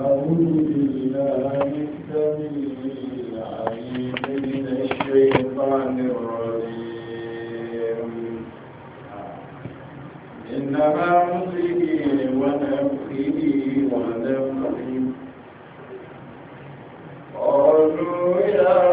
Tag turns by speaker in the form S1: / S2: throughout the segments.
S1: أعوذ بالله السميع العليم من الشيطان
S2: الرجيم إنما نصره ونفخه ونفخه
S1: قالوا يا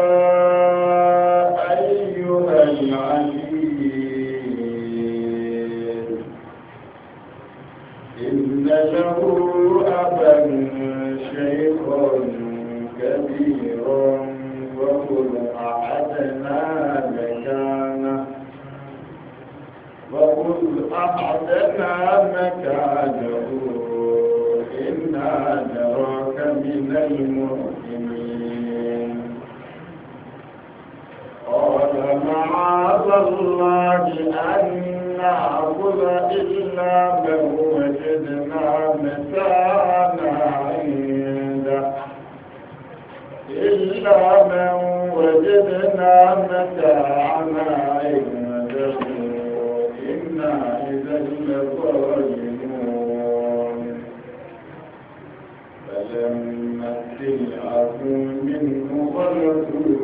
S1: الله أن نعبد إلا من وجدنا متاعنا عنده إلا من وجدنا متاعنا عنده إنا إذا لظالمون فلم نمثل منه ولكم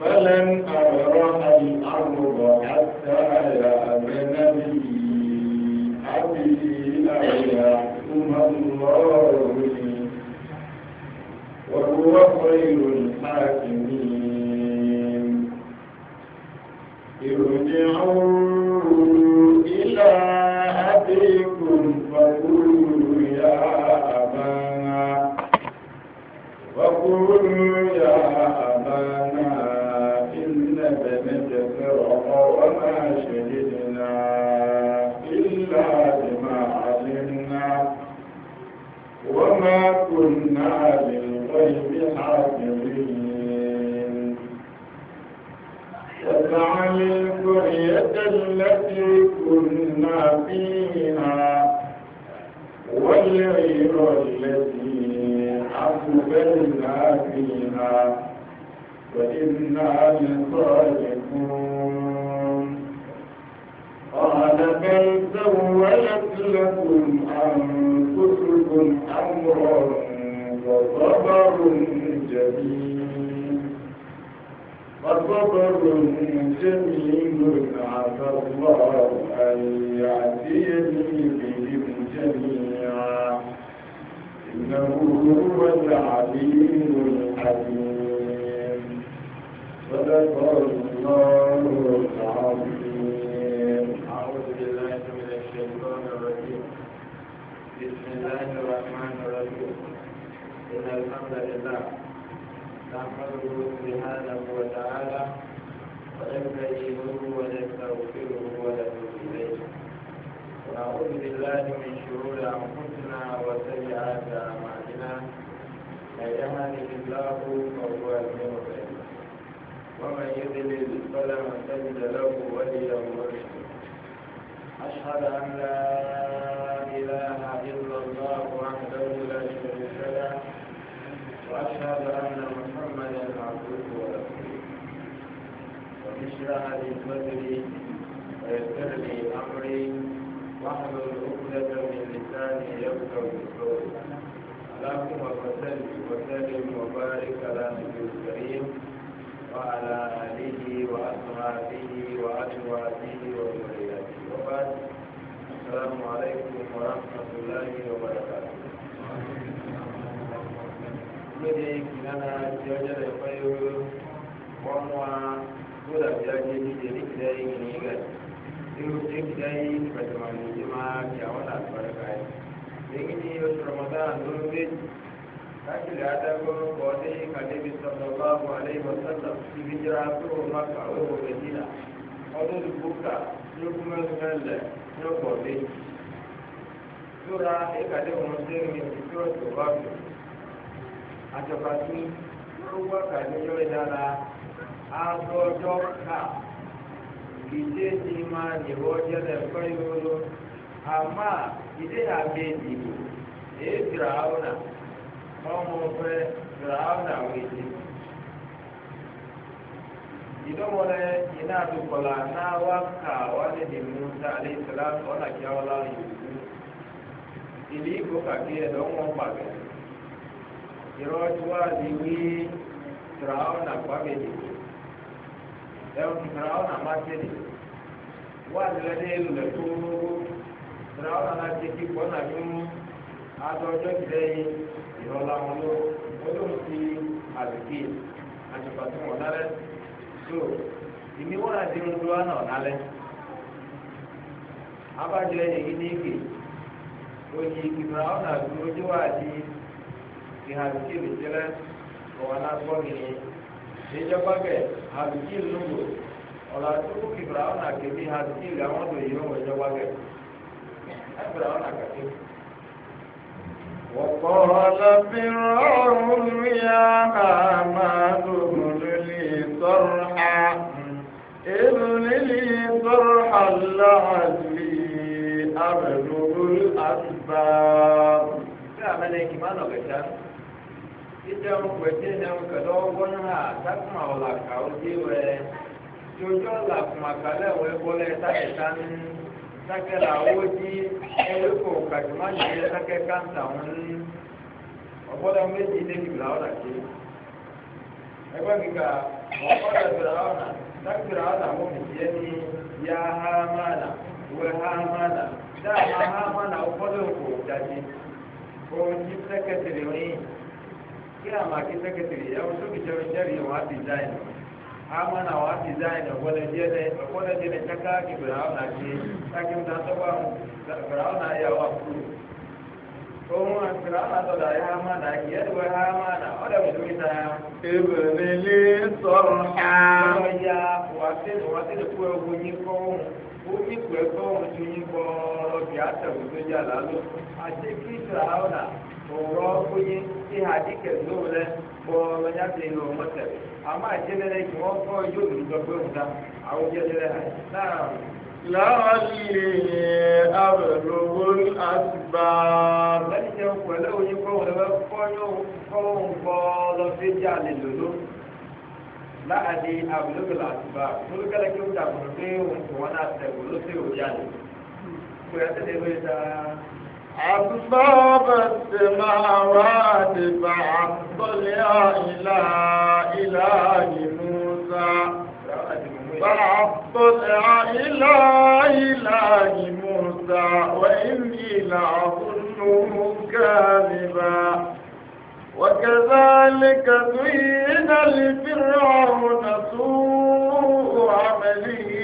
S1: فلن
S2: أبرح الأرض حتى يأذن لي أبي أو يحكم الله لي
S1: وهو خير الحاكمين ارجعوا فينا فيها والغير الذي أقبلنا فيها وإنا لصادقون قال بل سولت لكم أنفسكم أمرا وصبر جميل فصبر جميل عسى الله أن يأتيني بهم جميعا إنه هو العليم الحكيم صدق الله العظيم
S2: أعوذ بالله من الشيطان الرجيم بسم الله الرحمن الرحيم إن الحمد لله نحمده سبحانه وتعالى ونستعينه ونستغفره ونتوب إليه ونعوذ بالله من شرور أنفسنا وسيئات أعمالنا من يهده الله فهو المهتد ومن يضلل فلا تجد له وليا مرشدا أشهد أن لا إله إلا الله وحده لا شريك له وأشهد أن محمدا محمدا عبده ورسوله رب اشرح لي صدري ويسر لي امري واحلل عقدة من لساني يفقه قولي اللهم فسل وسلم وبارك على نبي الكريم وعلى آله وأصحابه وأزواجه وذريته وبعد السلام عليكم ورحمة الله وبركاته kweli kinana kioja na kwayo kwamwa kula vyaje nije nikidai nginiga iyo nikidai nipatamani jema kiaona barakai lakini hiyo Ramadhan ndio kakile adago kote kalebi sallallahu alaihi wasallam ibijra ko maka o medina ọdún buka ló kuma mẹlẹ ló kọ lé. Sura ìkàdé wọn sẹ́yìn ìṣòro tó bá bẹ̀rẹ̀ àjọba tí ó wà kàdéjọ́ ìdára agbọ́dọ̀ kà ìdè ti máa yẹ̀wọ́ jẹ́lẹ̀ pẹ́ yòrò àmà ìdè àgbẹ̀ ìdìbò èé fìràwọ̀nà ọmọ ọ̀fẹ́ fìràwọ̀nà wèjì. ìdọ́wọ́lẹ̀ iná àdúgbòlá náà wá kà wá nídìí musa àlẹ́ ìsìlámù ọ̀nà kí wọ́n lálẹ́ yòókù. ìlú ìgbò kàkí ẹ̀dọ́ wọn pàgẹ́ ìrọ́júwáàdì wí fìràwọ́nà pàmìlì ẹ̀wọ̀n fìràwọ́nà mátìlì wáàdì lẹ́dẹ̀ ìlúlẹ̀ tó fìràwọ́nà láti fi pọ́nà ní adọ́jọ́ ìlẹ́yìn ìrọ̀lá wọn ló ọdún sí àbíkí àti pàtàkì wọn lálẹ́ so ìní wáàdì ń dúró náà lálẹ́ abájọ ẹ̀yìn ní ìgbè òyìn ìgbìmọ̀ àwọn àgbẹ̀ ojú wáàdì ihalukili tila wana gbɔgini ìjọbagɛ halukili nugo ɔlɔ atuku kibra ɔna kebi halukili àwọn do yìí wọn ìjọbagɛ ɛkura ɔna kati. وقال فرعون
S1: يا هامان ابن لي صرحا ابن لي صرحا لعلي أبلغ
S2: الأسباب. لا ملك ما نغشان idan kwete idan kada wani ha ta kuma wala ka oje we jojo la kuma kala we bole ta etan sake la oji ewe ko kajuma ni sake e kanta un ọgbọdọ méjì ilé ìgbìlá ọdà ké ẹgbẹ́ kíkà ọgbọdọ ìgbìlá ọdà dákìlá ọdà mú mi jẹ kila maki secretary au sio kichawichari wa design ama na wa design wala jene wala jene chaka ki na ki taki mtatoka brown na ya wa ku Ohun àtìrá àtọ̀dà ya máa nà kí ẹ̀dùn ẹ̀ máa nà ọ̀dà òṣèlú ìta. Ebèrè lè sọ̀rọ̀ ya wàásìlù wàásìlù kú ẹ̀wọ̀ yín kọ́ ohun. Ó ní kú ẹ̀kọ́ ohun tó yín kọ́ ọ̀rọ̀ bí ọ̀rọ̀ onye tí ha dí kẹ̀lú rẹ̀ ọ̀rọ̀ ya ti lọ mọ́tẹ̀ àmọ́ àjẹlẹ̀lẹ̀ kí wọ́n kọ́ yóò lè jọ pé òǹda àwọn jẹlẹ̀lẹ̀ náà. láàrin àbẹ̀lówó àtìgbà. lẹ́yìn tí wọ́n pẹ̀lú oyin kọ́ wọn lọ́wọ́ kọ́ yóò kọ́ òun kọ́ lọ sí ìjà lè lòló. láàrin àbẹ̀lówó àtìgbà olùkẹ́lẹ́ kí ó dàgbọ̀n pé òun kò wọ́n náà tẹ̀ أسباب السماوات
S1: فأطلع إلى إله موسى فأطلع إلى إله موسى وإني لأظنه كاذبا وكذلك زين لفرعون سوء عمله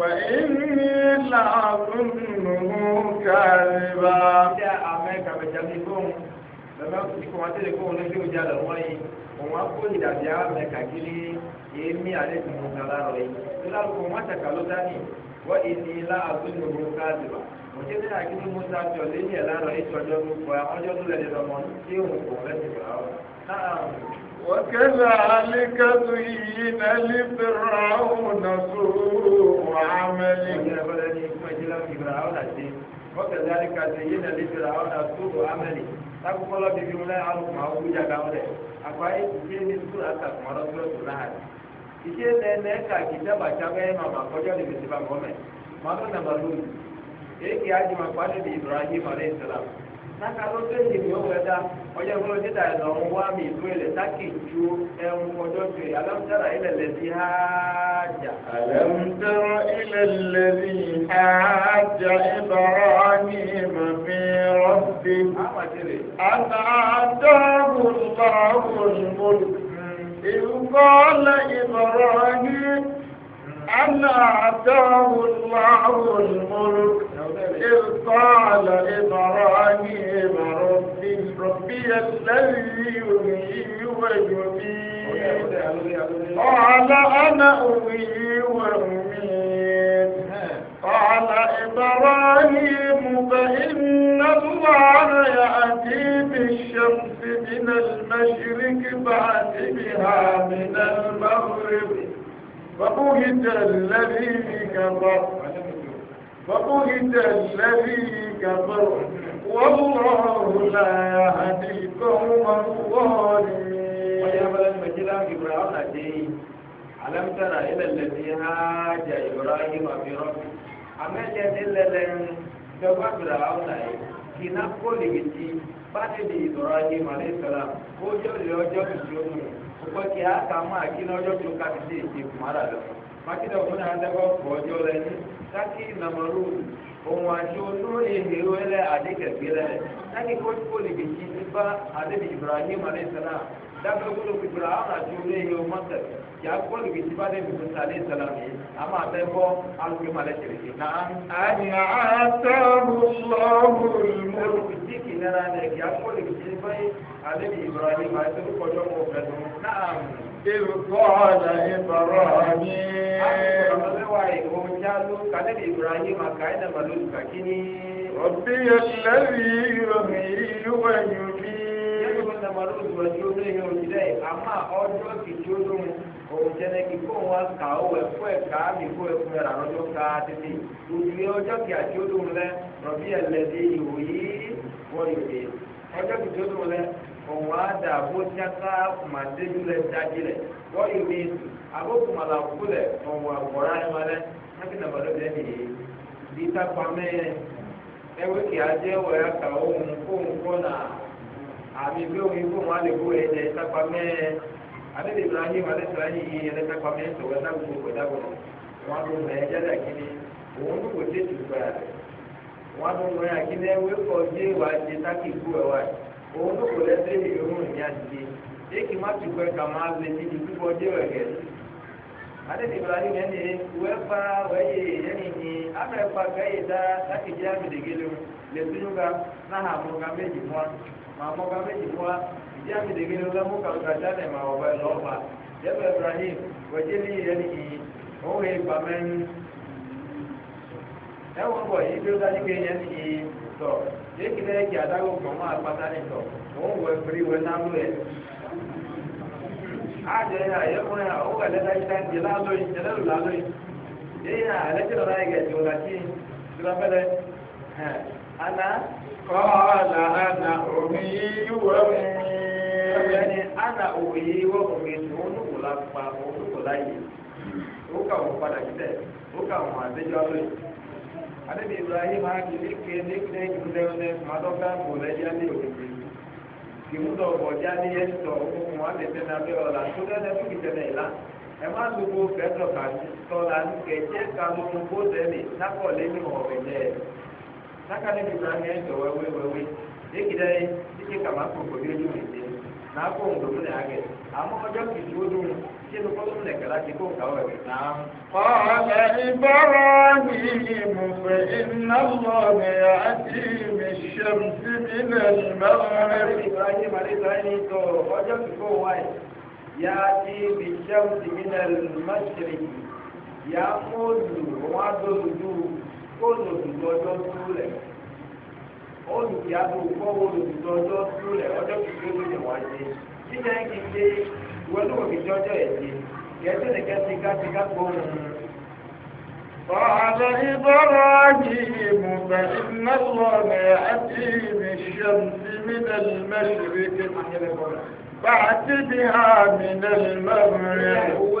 S1: وإني لأظنه
S2: كاذبا يا أمريكا بجلبكم lọ́wọ́ ìkọ́ wọn tẹ́lẹ̀ kó wọn lójú ìjà lọ wọ́n yìí òun á kó ìdàbí àmì kàkiri èémí alẹ́ tó mú kan lára yìí lọ́la kó wọn tẹ̀ka ló dání wọ́n ìní ilá àgbẹ̀lẹ̀ òun wa mo jẹ́ bẹ́ẹ̀ akíní musa jọ lẹ́yìn ẹ̀ lára yìí tọ́jọ́ ló kọ́ ẹ ọjọ́ tó lẹ́yìn lọ́mọ tí òun kò fẹ́ وكذلك
S1: زين لفرعون
S2: سوء عمله وكذلك زين لفرعون سوء عمله takukɔlɔ bibi mu lɛ alu kuma awu dza ka wulɛ akpa etuke ni su ata kuma lɔ tɔ tu n'aha ike lɛ nɛ ka kita ba tsa bɛ ma ma kɔjɔ le bisi ba gɔmɛ ma do na ma do eke adi ma kpa ne bi ibrahim alayhi salam n'aka ló dé ìdìbò ìwé ọjọ́ ìwé dídà ẹ̀ lọ́wọ́ wá mi ìlú ilẹ̀ táàkì ju ẹ̀hún ọjọ́ ju alámùtẹ́rà ilẹ̀ lẹ́bí hájà. alámùtẹ́rà ilẹ̀ lẹ́bí hájà ìbára
S1: ní rọ́bì. lẹ́yìn ní. أن أعطاه الله الملك إذ قال إبراهيم ربي ربي الذي يحيي ويميت قال أنا أحيي وأميت قال إبراهيم فإن الله يأتي بالشمس من المشرق فأتي بها من المغرب فبهت الذي كفر فبهت الذي
S2: كفر والله لا يهدي القوم الظالمين ألم تر إلى الذي هاج إبراهيم في ربه أما الذين لن تبقى kìnnà kó lè ti bá dé di ìdọ̀rọ̀ ayé màlẹ́ ìsọ̀rọ̀ ó jẹ́ òlè ọgbọ́n kí á kà máa kí ní ọjọ́ tó kábi sí èdè kùmárà lọ. mákìdá òfin àdẹ́kọ̀ pọ̀ ọjọ́ rẹ ní sákì ìnàmọ́rú ohun àti onú èdè rẹ àdékẹ̀gbé rẹ sákì kótópó níbi tí ti bá àdébí ibrahim alayhisalaam dábẹ́ kúlò ibrahim àti olóyè ọmọ tẹ̀sán yà kó lùbí tí bàdé mi sọsọ alẹ sàlámì àmọ àtẹ bọ alùpùpù alẹ tẹlifí náà. àyà àtàwọn ọmọ ìmọ̀ olùkùtì kì nana dẹ yà kó lùbí tí bàdé alẹ bí ibrahim àti olùkọjọ mọ fẹ tó náà. ìrùkọ́ọ̀lá ibrahim. àwọn ọ̀sẹ̀wà ìwọ̀n jálù kálẹ̀ bí ibrahim àkàyẹ̀dà màlúù kàkíní. ọ̀bí ẹ̀ṣẹ̀lẹ̀ rẹ̀ mi yíwọ̀ ẹ̀yọ̀ mi. yẹ́n òun jẹ́ ní kíkó wọn kà ó ẹ̀kọ́ ẹ̀ka àbíkó ẹ̀kọ́ ẹ̀rà lọ́jọ́ ká títí òbí ọjọ́ kí àti ọdún rẹ rọ̀bí ẹ̀lẹ́dẹ̀ ìwò yìí wọ́n yóò dé ọjọ́ kí tó dùn rẹ òun á dà bó jáká màdéjú rẹ dájí rẹ wọ́n yóò dé àbókù màlàkú rẹ òun àgbọ̀rá ẹ̀ wọn rẹ láti nà bàdó bẹ́ẹ̀ nìyí bí tápá mẹ́yẹ ẹwé kì á jẹ́ ale de ibrahim ale sira yi yi yɛlɛ ta kpamɛ sɔgɔ ta gbogbo gbɔ ta kɔnɔ wọn do mɛ ɛdza da kini òun tó kò tètè gba yàrá wọn do mɛ akini ɛwé kɔ dé wa dé ta kì í kú ɛ wa òun tó kò lɛsɛ yi òun ní adi eki ma tu kɔ ma lé ti di kúkɔ dé wɛ gɛ ale de ibrahim yɛ ni wɛ fa wɛ ye yɛ ni ni ama ɛfa ka yi da ta kì í dé ami de gele o lè tunu ka n'aha mɔ ka méjì mua mɔ mɔ ka méjì mua ìdí àmì ìdègbè ni ọlọ́mú kàlùkà jáde mà ọ̀bẹ lọ́ọ̀bà yẹ́bẹ̀ ibrahim wẹ̀jẹ̀ ní ìyẹn nìyí òun yẹ ìgbà mẹ́rin ẹ̀wọ̀n bọ̀ yìí tó dájú pé yẹn nìyí tọ̀ yìí kìí lẹ́yìn kí adágún kan máa pátá ní tọ̀ òun wẹ̀ péré wẹ̀ náà lóye. àjẹ àyẹ̀kùnrin àwọn òun ẹ̀lẹ́dá yìí dáńtì lálóyìn ẹlẹ́rù lálóyìn yìí àlẹ́tì lọ́dá yìí Àná. Kọ́ọ̀lá àná òmí yíwọ́ mi. Ọ̀gbẹ́ ni àná òmí yíwọ́ mi ni wọ́n lòkò lápá wọ́n lòkò láyè. Ó kà wọ́n padà sílẹ̀, ó kà wọ́n àdéjọ́ lóyè. Adébí Ibrahim Adi léke léke ìdúlẹ́wọ́lẹ́ Màdọ́gá Mọ̀lẹ́ yá ní òkèké. Ìmúdọ̀ ọ̀bọ̀já ní yẹn tọ̀ ọkùnrin wọn lè tẹ́lẹ̀ abẹ́ ọ̀la tó lẹ́lẹ́ fún ìtẹ̀lẹ̀ ìlà ẹ má gbogbo fẹ́tọ̀ kà tọ́la ní kẹ̀jẹ́ kanú bó tẹ̀lé nákọ̀ọ́lé ní ọ̀rẹ́ lẹ́ẹ̀ naka ne bibira ŋa ɛtɔ wɛwɛ wɛwɛ eki dɛ titi kama kpɔ kpɔ yɛ dun ɛdi n'akɔ ŋdo mu ne agɛ amɔ ɔjɔ kisi wo dun tí ɛnu kɔlɔ mu ne kɛlɛ ati kó ŋga wɛ na. ɔlɛ ìbára
S1: yìí mo fẹ́ iná lọ ní àti mi ṣẹ́m sí mi lẹ̀ mẹ́rin. ɛdi
S2: ìbára yìí ma ní ìbára yìí tɔ ɔjɔ kisi wo wáyé yaati mi ṣẹ́m sí mi lẹ̀ mẹ́rin yàtò lù wọn adó lù fóònù òdùdú ọjọ́ dúró lẹ̀ ọjọ́ dúró lẹ̀ ọjọ́ kìkì dé ọjọ́ yẹn dé kẹ́tù ní kẹ́tù kẹ́tù kẹ́tù فإن
S1: الله يأتي بالشمس من المشرق بها من
S2: المغرب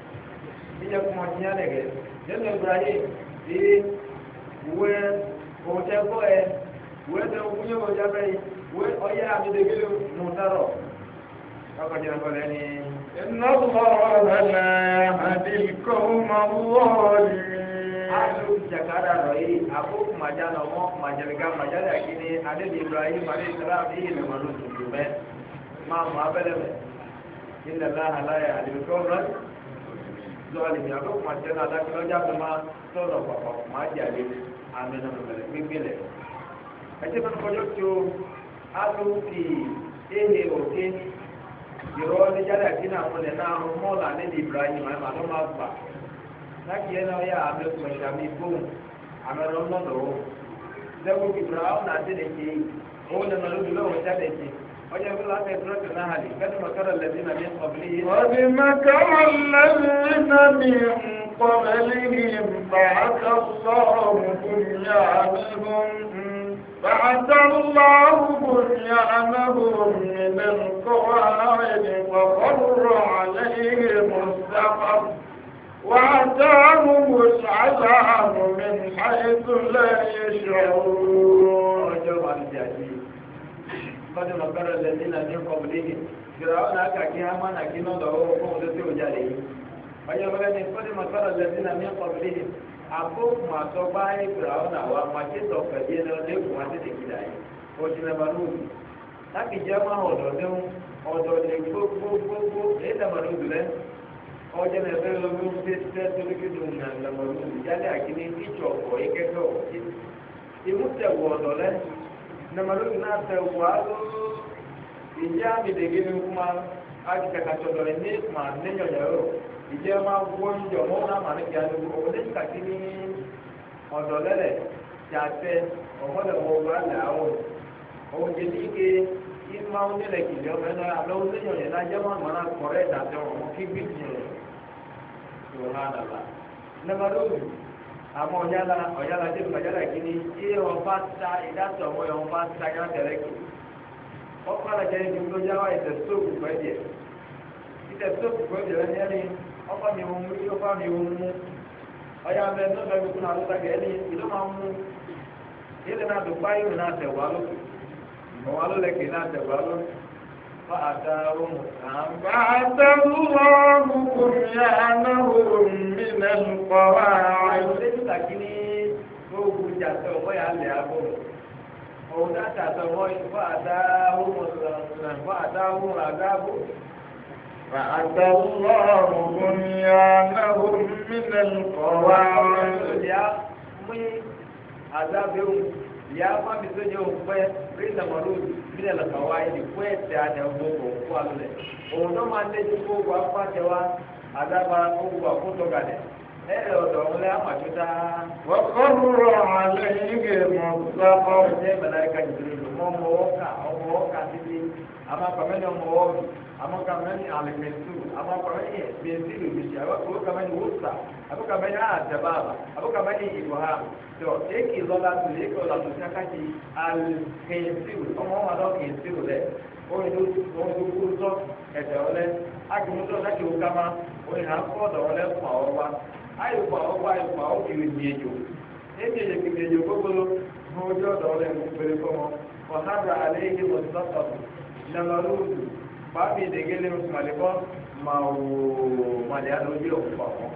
S2: ìjẹ kọmọ tí yẹn lẹgẹ lẹnu ibrahim ti wẹ òtẹ kọ ẹ wẹ tẹ òkú yẹ kọjá bẹyì wẹ ọyẹ àbídẹgẹlẹ mú tọrọ kọkànjẹ nìkọlẹ ni. iná sọ̀rọ̀ lẹ́nà àdìkọ́mọ wọ́ọ̀lì. alu jakada rọ yìí àbúkù màjá lọ mọ màjàlíkà màjálíà kí ni adébí ibrahim aleyhi salaam yìí lè mọ̀ lóṣù tó bẹ́ẹ̀ máa mọ̀ abẹ́lẹ́ bẹ́ẹ̀ zɔlimi alo kumase na adake lɔdza mi ma tɔnɔ papa kuma dza le ame na mɛmɛlɛ gbegbe lɛ ɛtɛ fɛn kɔjɔ tso alu ti ehe oke yɔrɔ ne dza dake na mo lɛ na mɔ la ne di bla yi ma alo ma gba n'aki yɛ na yɛ ame kumase ami bon ame na ɔmɔ lɔ o zɛko kibra awo na ne tse o lɛ na lo bi lɛ o dza de tse. وبما مكر الذين من
S1: قبلهم بعث الله بنيانهم بعث الله بنيانهم من القواعد وخر عليهم السقف وأتاهم العذاب
S2: من حيث لا يشعرون bàtà nàbẹ̀rẹ̀ lẹ́sìn náà ní kọ́mù lẹ́yìn fìràwọ́ náà kà kí hama náà kí náà lọ́wọ́ fún ọdún tí ó jáde yìí. ọ̀yẹ́ wọlé ní bàtà nàbẹ̀rẹ̀ lẹ́sìn náà ní kọ́mù lẹ́yìn àkókò àtọ́ báyìí fìràwọ́ náà wà màtí tọ̀ pẹ̀lú ẹni ọdún èkó wá tètè kí láyé ó ti nàbà lóògùn. láti jẹ́ máa ọ̀dọ̀ dẹ́hùn ọ̀dọ̀ lè gbogbogbò èyí nàbà lóògùn lẹ́ ọjọ́ náà fẹ́ lọ́wọ́ ṣe ṣẹ́ torí kí ló ń nà nàbà lóògùn jálẹ̀ àkíní tíjọ ọ̀pọ̀ yìí kẹ́kọ̀ọ́ ìmúṣẹ̀wọ̀ namalu na tɛ waalo ìdí àmì dègéni kuma àti kàkàtọ̀dọ̀ ní ma ní nyɔnyɔrò ìdí àmà wọ́n jọmọ́ náà ma ní kíá lóko òun ní kàtí ní ọ̀dọ̀ lẹ́lẹ̀ yàtẹ̀ ọ̀mọ́dọ̀mọ́ wa lẹ̀ àwọn òun jẹ́ ní ike ìmá wọn nílẹ̀ kìlì ọmọ ẹ̀ náà àlọ́ ní nyɔnyɔ náà jẹ́ wọn mọ̀nà kọ̀rẹ́ ìdàtẹ̀ ọ̀mọ́ kí gbé tiẹ̀ lọ́nà àdàlà namalu. àmọ́ ọ̀yára ọ̀yára dé ọ̀yára kìíní tí ọba ta ìdásọ̀ ọmọ yẹn ọba ta yẹn tẹ̀lé kù ọkọ alẹ́ jẹ́ ibi tó yá wa ìtẹ̀ stóòkù pẹ́ ìtẹ̀ stóòkù pẹ́ lẹ́ni ẹni ọkọ mi mú mi mú ní ọ̀bẹ gbogbo náà ẹni máa mú náà dùn náà tẹ̀ wá lókè ìmọ̀ wá náà tẹ̀ wá lókè. فأتاهم الله بنيانهم من القواعد òun dáta àtọwọ́ ìfọ́ àdáhùn àdáhùn فأتوا الله بنيانهم من
S1: القواعد
S2: يا عذاب يوم يا ما بيسجوا في ريت مولود mina la kawaidi kwete ada mungu kwalule onoma ndeji mungu apate wa adaba mungu akutogane ele odongole amachuta wakarra alayhi mustaqar ne malaika jibril momo oka omo oka sisi ama pamene omo oka amma kamar ni alimentu amma kamar ni benzilu bishi amma kamar ni wusa amma kamar ni adababa amma kamar ni ibrahim to eki zola tu eki zola tu saka ki alimentu ọmọ wọn lọ kì í sílu rẹ oyin tó oyin tó kú sọ ẹsẹ ọlẹ agbẹnusọ láti wọ kama oyin hàn kọ ọdọ ọlẹ fún àwọn wa ayò fún àwọn wa ayò fún àwọn kì í nìyẹjọ ebi èyẹ kì í nìyẹjọ gbogbo fún ojú ọdọ ọlẹ fún baabi degele mali bɔ ma wo mali alo yi o fa fɔ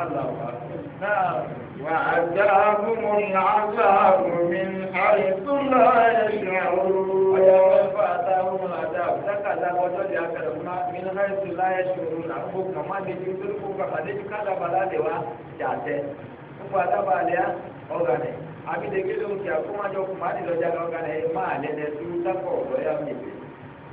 S2: ala wa naa. wa azaahum azaahu min haythu la yash'urun. ọyọ wọn fa azaahum azaahu saka azaahum ọjọ de akara kuma min haythu la yash'urun na ko kama de ju tori ko kama de ju kala bala de wa jaate ko adaba aliya ọga ne abi degele o ti a kuma jɔ kuma de lɔja ka ọga ne maa lɛ dɛ tu takɔ lɔya mi bi.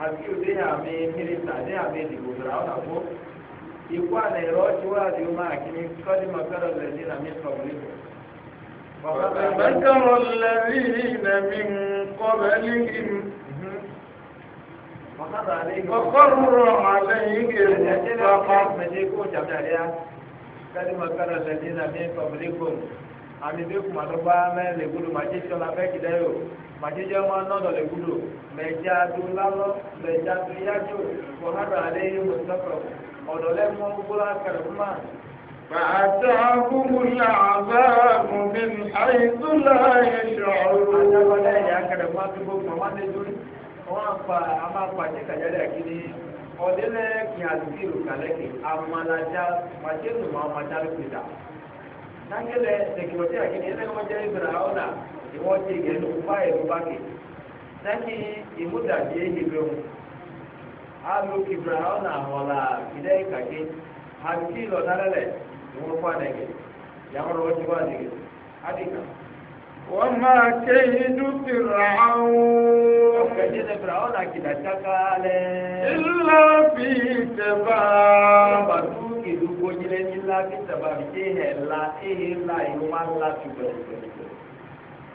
S2: hakiu de ame mirisa de ame dìbò sọ̀rọ̀ àwọn àpò ikú àná ìrọ̀ tí wọ́n àti ọmọ àkíní kọ́dí mọ̀kọ́rọ̀ lẹ́sìn náà mi sọ̀rọ̀ níbẹ̀. فمكر
S1: الذين من
S2: قبلهم فقر عليهم فقر kálímà kára lẹ́yìn náà mi kọ̀ọ̀mù lẹ́kọ̀ọ́ àmì bí kùmà tó bá mẹ́rin lè gbódò má jẹ́ sọ́la bẹ́ẹ̀ kìlẹ́ yòó majijɛ ma nɔdɔ le gudo mɛdza do lalɔ mɛdza do yadzo kɔhado ale yi mo sɔkɔ ɔdɔ lɛ mɔ gbolo akɛlɛ kuma. فأتاهم
S1: العذاب من حيث لا
S2: يشعرون. أنا ولا يا كلام ما تقول ما تقول wọn fa a máa fa jẹkajálẹ àkíní ọdẹlẹ kì í àdúgbò kàlẹkì amalaja màjẹnu màmá dálẹ pẹta. àkíní ẹlẹkọmọjẹ ìbẹrẹ àwọn náà. ìwọ ti gẹ̀ẹ́nu fáìlì báàgì sẹ́ni ìmúdàjì èyíbẹ̀ wọn alu ibrahima ọ̀nà àwọ̀là ìdẹ́ ìkàgé àbíkí ìlọ̀dálẹ́lẹ̀ ìwọ́n fún àdẹ̀gẹ̀ yàrá wọ́n ti wá àdẹ̀gẹ̀ àdìgà. wọ́n máa ké inú ti rà áwọ̀. ọ̀kẹ́ ní ẹ̀dẹ̀ ọ̀nà ṣáká lẹ̀. ńlá fi ìlú gbójúlẹ̀ ńlá fi fi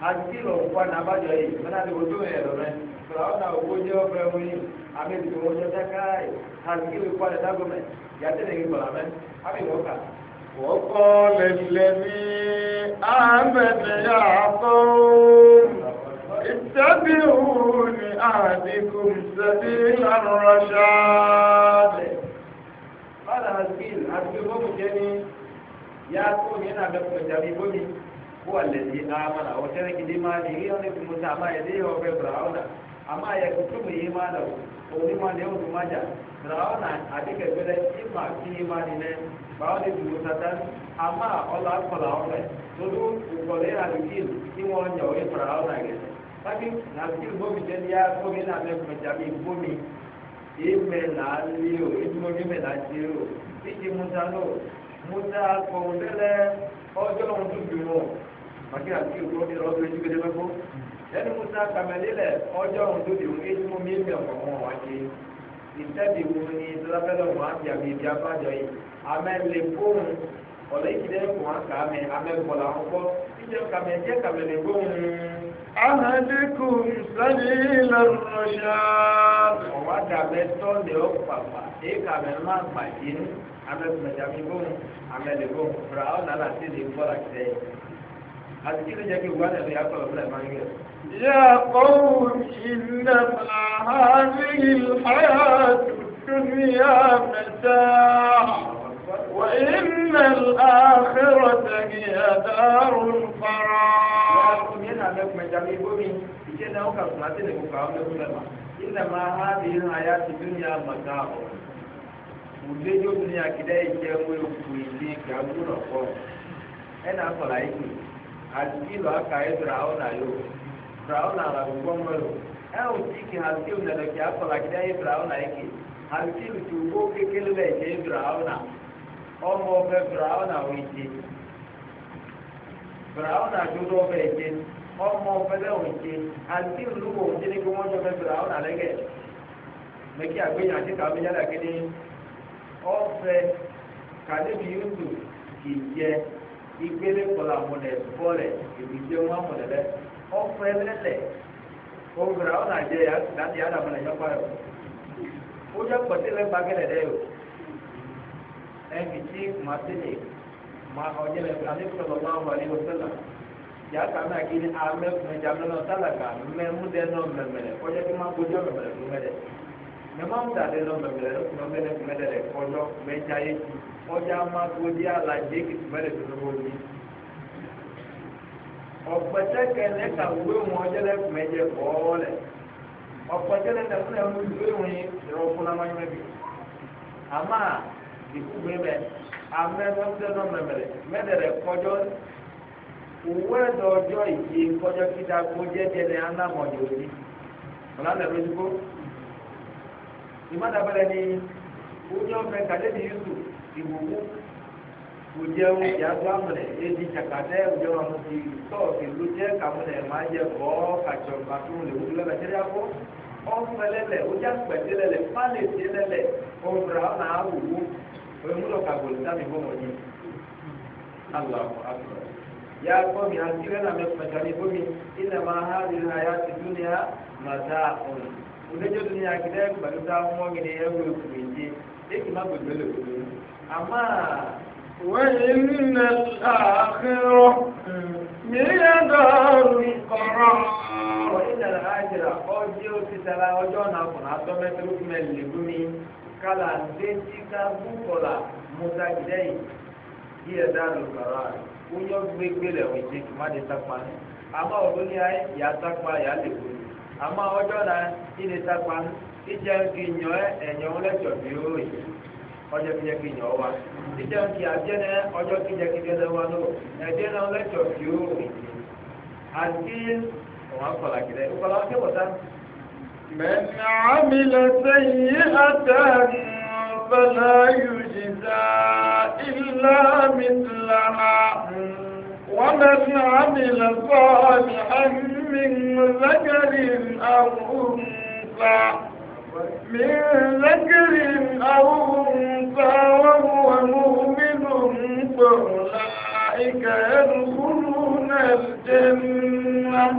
S2: àti lọ́kọ́ nàbàjọ yìí mẹ́ta ti ojú ẹ̀ lọ́rẹ́ fúláwọ́nà ògbójú ọ̀fẹ́ wọn yìí àmì ìdìbò wọn jẹ́ sákàáyì àti lè kọ́ ẹ̀dá gómẹ̀ yàtẹ̀ lè gbọ̀ lámẹ́ àmì ìwọ́n kà. wọ́kọ́
S1: lẹ́lẹ́mí àmẹ́lẹ́ àtọ́ ìtẹ́bíhùnì àdínkùn sẹ́bí àrùnránṣáàdì.
S2: bá a nà àti àti ìwọ́n kò jẹ́ ní yàtọ̀ ní àbẹ̀kọ̀ ìjàmbá ìbómi. هو الذي آمن وترك لماله ونفسه ما يديه وفرعون أما يكتب إيمانه onímọ̀lẹ́ olùmọ̀jà ràọ́nà àdìgẹ̀gbẹ̀rẹ̀ ìmà kí ìmà nílẹ̀ báwọn lè dùn tata àmà ọ̀là àkọlà ọ̀rẹ́ Ama ìkọ̀lẹ́ àdìgìl tí wọ́n yàn orí ràọ́nà rẹ̀ sábì àdìgìl bómi jẹ́ ní agbómi náà mẹ́kùn jàmí bómi ìmẹ̀ là á lé o ìdúró mímẹ̀ là á jẹ́ o ìdí musa lò musa kọ̀ọ̀lẹ́lẹ́ ọjọ́ òun tó dùn màkì àti òkú ọdún lọ́wọ́ lójú gbẹdẹ mẹ́kọ. lẹ́nu musa kàmẹ́lélẹ̀ ọjọ́ òun tó dìbò kí ẹjú mú mi ẹ̀mí ọ̀pọ̀ wọn wá ṣe. ìtẹ́bi wo ni sọlábẹ́lẹ̀ wọn àti àmì ìdí abájọ yìí amẹ́lẹ̀ fóun ọ̀lẹ́ ìdílé kò wọn kà á mẹ́ amẹ́kọ̀ọ́lá wọn kọ́ ìjẹ́ kàmẹ́ jẹ́ kàmẹ́lẹ̀ fóun.
S1: ahadikum sani
S2: lọ́rọ̀ṣà. ọ̀wá dàbẹ́ tọ́lẹ̀ ọ̀pàpà èkàmẹ́ má pàdé amẹ́kùnrin àmì fóun amẹ́lẹ̀ fóun fúra ọ̀nà àti ìdí àti kí ló jẹ́ kí ìwádìí àti ìyàtọ̀ ọ̀rọ̀ rẹ̀ máa ń yẹ.
S1: yà kọ́wù ilẹ̀ àárín ìlhàyà dúnìyà
S2: mẹ́ta wà ilẹ̀ àkérò tẹ̀gì àdárò fara. ìyẹn náà lẹ́kùn ẹja mi bó mi ìṣe náà ó kà fún àti ìlẹ̀kùn kà ó lẹ́kùn lẹ́mà ilẹ̀ máa há ní ìlhàyà dúnìyà mẹ́ta ọ̀ òdejo ní akidá ìjẹun èkó ìdí gàgbó náà kọ́ ẹ̀ náà kọ̀ láyé kìí. हाजी लो काय राव नायो राव नाला उगम मरो ऐ उसी की हाजी उन लोग क्या पला क्या ये राव नाय की हाजी लो चुबो के किल ले जे राव ना और मो पे राव ना हुई थी राव ना जुदो पे थी और मो पे दे हुई थी हाजी लो वो जिने को मो जो पे राव ना लगे मैं क्या कोई यहाँ से काम जा रहा कि नहीं और काले भीम तू की igbele kɔla mo le bɔ le ebidze mo amɔ le lɛ ɔfɛ lɛ lɛ ɔgbɛra ɔna dze ya nati ya dama le nyɔkpa yɔ wodze kpɔti lɛ gba gɛlɛ dɛ o ɛnitsi ma ti le ma ɔdze le ani sɔlɔ ma wà ní ɔsɛ la ya kama kini amɛ mɛ dza mɛ nɔ sálà ka mɛ mu dɛ nɔ mɛmɛ lɛ kɔdze ti ma gbɔdze mɛmɛ lɛ fún mɛ dɛ nyɔmaŋu da ɖe lɔmɛ mɛ lɛ lɔmɛ lɛ mɛ lɛ lɛ kɔjɔ mɛ dza yɛ ti ɔdza ma tó di ala dze kiti mɛ lɛ tó lɛ wòli ɔkpɛtɛ kɛ lɛ ka wúwe ŋu ɔdze lɛ mɛ dze kɔɔ lɛ ɔkpɛtɛ lɛ ka fúnɛ ŋu wúwe ŋu yi lɛ ɔkó la ma nyɔ bi ama iku gbé mɛ amɛ lɔmɛ lɔmɛ mɛ lɛ mɛ lɛ kɔjɔ owó ɛdɔ ɔdzɔ yi kɔjɔ ìmọ̀tàbẹ̀rẹ̀ ni ojú ọ̀fẹ́ kàdébí yusuf ìwòwò òjẹ́ òjẹ́ àgbà mọ̀lẹ̀ èdè jàkàtẹ́ òjẹ́ wọn ti tọ́ọ̀kì ló jẹ́ kàmúlẹ̀ máa jẹ bọ́ kàtsọ̀ gbàtún lè wúlò lẹ́lẹ̀ tẹ́lẹ̀ àpọ̀ ọ̀fẹ́lẹ́lẹ̀ ojú àgbẹ̀tẹ́lẹ̀lẹ̀ pálẹ̀tẹ́lẹ̀lẹ̀ ọ̀rọ̀ àwọn àwòwò òyìnbó kàgbọ̀lù sámi bọ́mọ̀ yìí aláwọ̀ àgbọ̀ yà gbọ́ mi àti rẹ́nà mẹ́fẹ̀ẹ́ kulejo tu ni akidɛ gbaduta mɔgini ɛwɔ ekubedze eki ma gbɛgbɛ le kudu ama.
S1: وإن الآخرة
S2: هي دار القرار وإن الآخرة أوجي وتسلا وجونا كنا أتومت لكم اللبني كلا نتيجك بوكولا متاجدين هي دار القرار ويوم بيكبيل ويجيك ما دي تقماني أما أولي هاي يا تقمى يا لبني àmọ́ ọjọ́ na ilé sapa ìjẹ́ kí nyọ́ ẹ̀yọ́ lẹ́jọ́ bí ó ọjọ́ kí jẹ́ kí nyọ́ wa ìjẹ́ kí ọjọ́ kí jẹ́ kí jẹ́ náà wá lò náà lẹ́jọ́ bí ó àti akọ̀là kìlẹ̀
S1: sẹ́yìn من ذكر أو أنثى من ذكر أو أنثى وهو مؤمن فأولئك يدخلون الجنة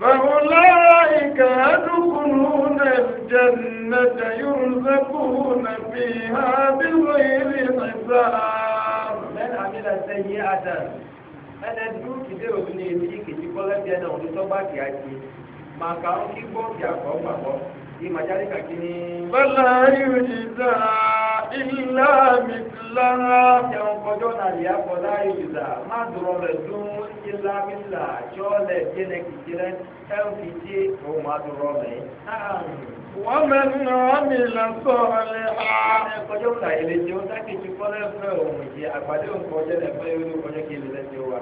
S1: فأولئك يدخلون الجنة يرزقون
S2: فيها بغير حساب من عمل سيئة ɛnɛ du kide o ne ebi kete kɔlɛ bi ɛnɛ o tɔ gba kia ti maka o ki gbɔ kia kɔ gba kɔ yi ma jali ka kini. bala
S1: yóò di za
S2: ilá mi tila. jẹun kɔjɔ na lè akɔ la yóò di má dɔrɔ lɛ dún ilá mi la tsɔ lɛ dé lɛ kìtì lɛ ɛn kìtì o má dɔrɔ lɛ. ومن
S1: عمل صالحا kọjọ
S2: ta ilé tí ó dákì tí kọ́lẹ́ fẹ́ òun yìí àgbàdo kọjọ lẹ fẹ́ yóò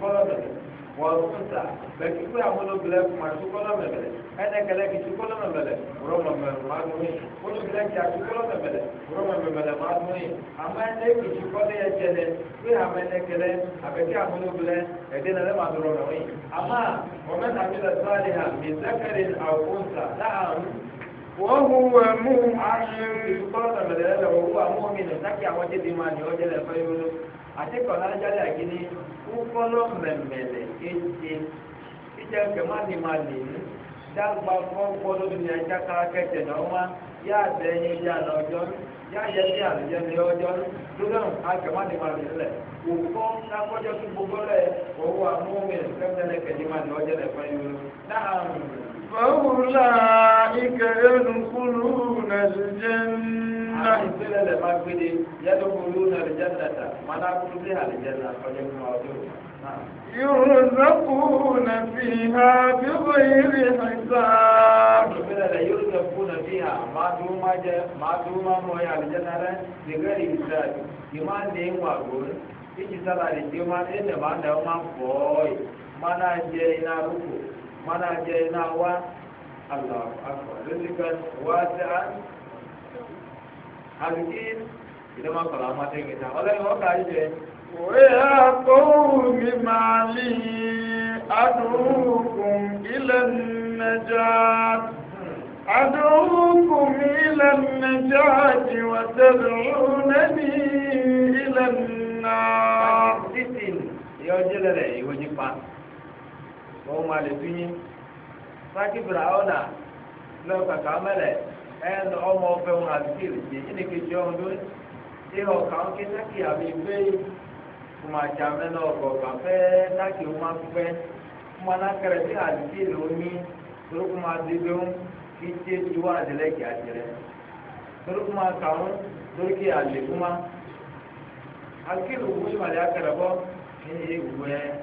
S2: kọjọ wọlọpụta bekikwe amụlọbile ma chukọlọ mebele enekele gị chukọlọ mebele rọmọmọmadụnyi ụlọbile gị achukọlọ mebele rọmọmọmele madụnyi ama eneki chukọlọ ya chele kwe ama enekele abeki amụlọbile edinele madụrụ nọnyi ama omenamila sali ha mizakarin awụnta naam وهو مؤمن يقول لنا هو مؤمن تكي عوجد ما يوجد فيولد atekɔ la dza la gini ukɔnɔ mɛmɛlɛ kete idza kɛmɛ ni ma li nu dagba kɔ kpɔdu ni adza kala kɛtɛ nɔ ya tɛ nye ya nɔ dzɔ ya yɛ ti alidza ni yɔ dzɔ dunu akɛmɛ ni ma li lɛ ukɔ n'akɔdzɔ tu gbogbo lɛ owó amóhùn kɛmɛ lɛ kɛdi ni ɔdzɛ lɛ fɛ yi wolo naa. فأولئك يدخلون الجنة أنزل لما يدخلون الجنة ما نقول بها الجنة
S1: يرزقون فيها بغير
S2: حساب يرزقون فيها ما دوما ما دوما مويا الجنة بغير حساب يمان دين واقول إيجي سالة الجنة إنما دوما فوي ما نجينا نارو mana jainawa Allah akbar rizikan wasi'an arzikin idan ma kọ̀ọ̀lá máa tẹ́ ìgbésà ọlọ́run ọkà jẹ. òwe
S1: àkóhùn mi máa lì adùnkùn ilẹ̀ nàjà adùnkùn ilẹ̀ nàjà àti
S2: wàtẹ́lùmẹ́ni ilẹ̀ nà. títì ìyọjú lẹ́rẹ̀ ìwé nípa. òun máa e lè fi yín sákì bìràwọ́nà lọ́ọ́ kàkà mẹ́lẹ̀ ẹ̀ ń ọmọ ọbẹ̀ wọn àbíkì rè jẹ́ yín nìkejì ọ̀hún ló ṣe ọ̀kà ń ké sákì àmì ìgbé kùmà jà mẹ́nà ọ̀gọ̀ gbàfẹ́ sákì wọn máa fẹ́ nákẹrẹ sí kí àlè bọ́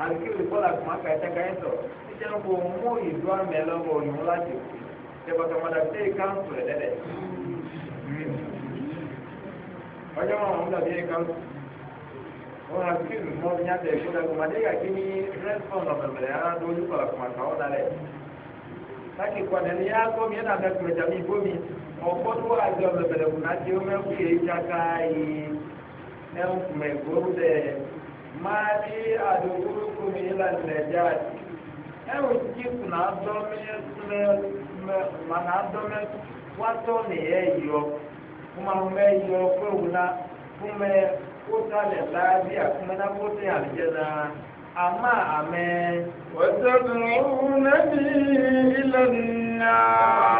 S2: alikiri kɔla kuma ka ɛtɛ ka ɛtɔ ɛtɛ ko mu idu amɛ lɛ mo nyɔ la ti tɛ bɔtɔ ma da te kansu lɛ dɛ ɔjɔ ma mo da bi ye kansu wọn alikiri mɔ nya tɛ ko da kuma de ka kini rɛspɔn nɔfɛmɛlɛ ara do olu kɔla kuma ka ɔda lɛ saki kɔnɛ ni ya kɔ mi ɛna mɛ kɛmɛ jami ibo mi ɔkpɔtu wa jɔ mɛmɛlɛ kuna ti o mɛ kuye dzaka yi ɛn kumɛ gbɔ dɛ máa ní àdókòrókò mi ìlànà ẹ̀já àti ẹ̀wọ̀n jíìpù náà dọ́mẹ́ wátọ́ nìyẹn yọ fún máa mẹ́ yọ fóòwù náà fún mẹ́ kó sálẹ̀ láàbí àkúmẹ́ná kó sí àlùjẹ́ náà àmà àmẹ́. wọ́sọ̀tún nàbí ìlànà.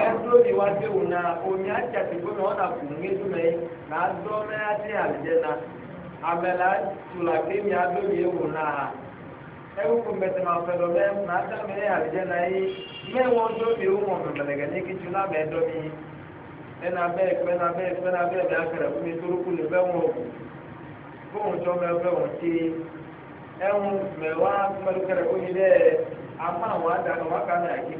S2: ẹ̀dọ́ ìwádìí wò náà omi àjàkì gbọ́dọ̀ ọ̀nà kùn ní ìdúmẹ́ náà dọ́mẹ́ àti àlùjẹ́ amela tula kemi ado na ewu ko mbete ma fɛ dɔ na ata mɛ alijɛ na ye mɛ wo do mi wo mɔ mɛmɛlɛgɛ ne na tula mɛ dɔ mi ɛna bɛ na bɛ fɛna bɛ bɛ akɛrɛ fún mi toro kulu bɛ ŋɔ o fóun tsɔ mɛ fɛ o ti ɛŋu mɛ wa mɛlu kɛrɛ fún dɛ ama wa da wa ka mɛ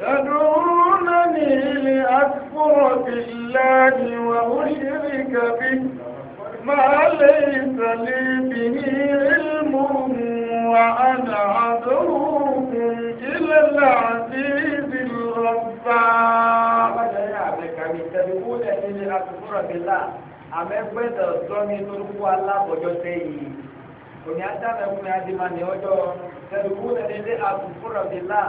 S1: يدعونني لأكفر بالله وأشرك به ما ليس لي به علم وأنا أدعوكم إلى العزيز
S2: الغفار àmọ́ ẹgbẹ́ ìtọ̀sọ́ mi tó ń kó alábọ̀jọ́ sẹ́yìn òní adámẹ́kùnrin adìmọ̀ ní ọjọ́ tẹ̀lifù lẹ́ni lé àtúnfúnra bíi láà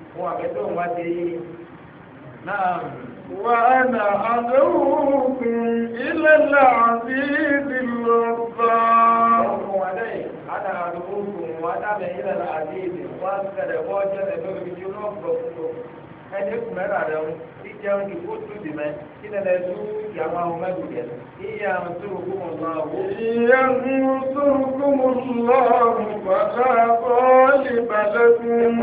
S2: ilele
S1: bi n'gụ ụụade
S2: adaa ụụ wadaailenadile wa a zụtere wụce naeei prụ ụọ dwụ jẹun ní kó tún dì mẹ kí nana tó yàrá àwọn mẹ́tò yẹn ìyá ń tó kó mọ̀ náà wò.
S1: ìyá ń tó kó mọ̀ náà bàtà bọ́ọ̀lì bàtà kún.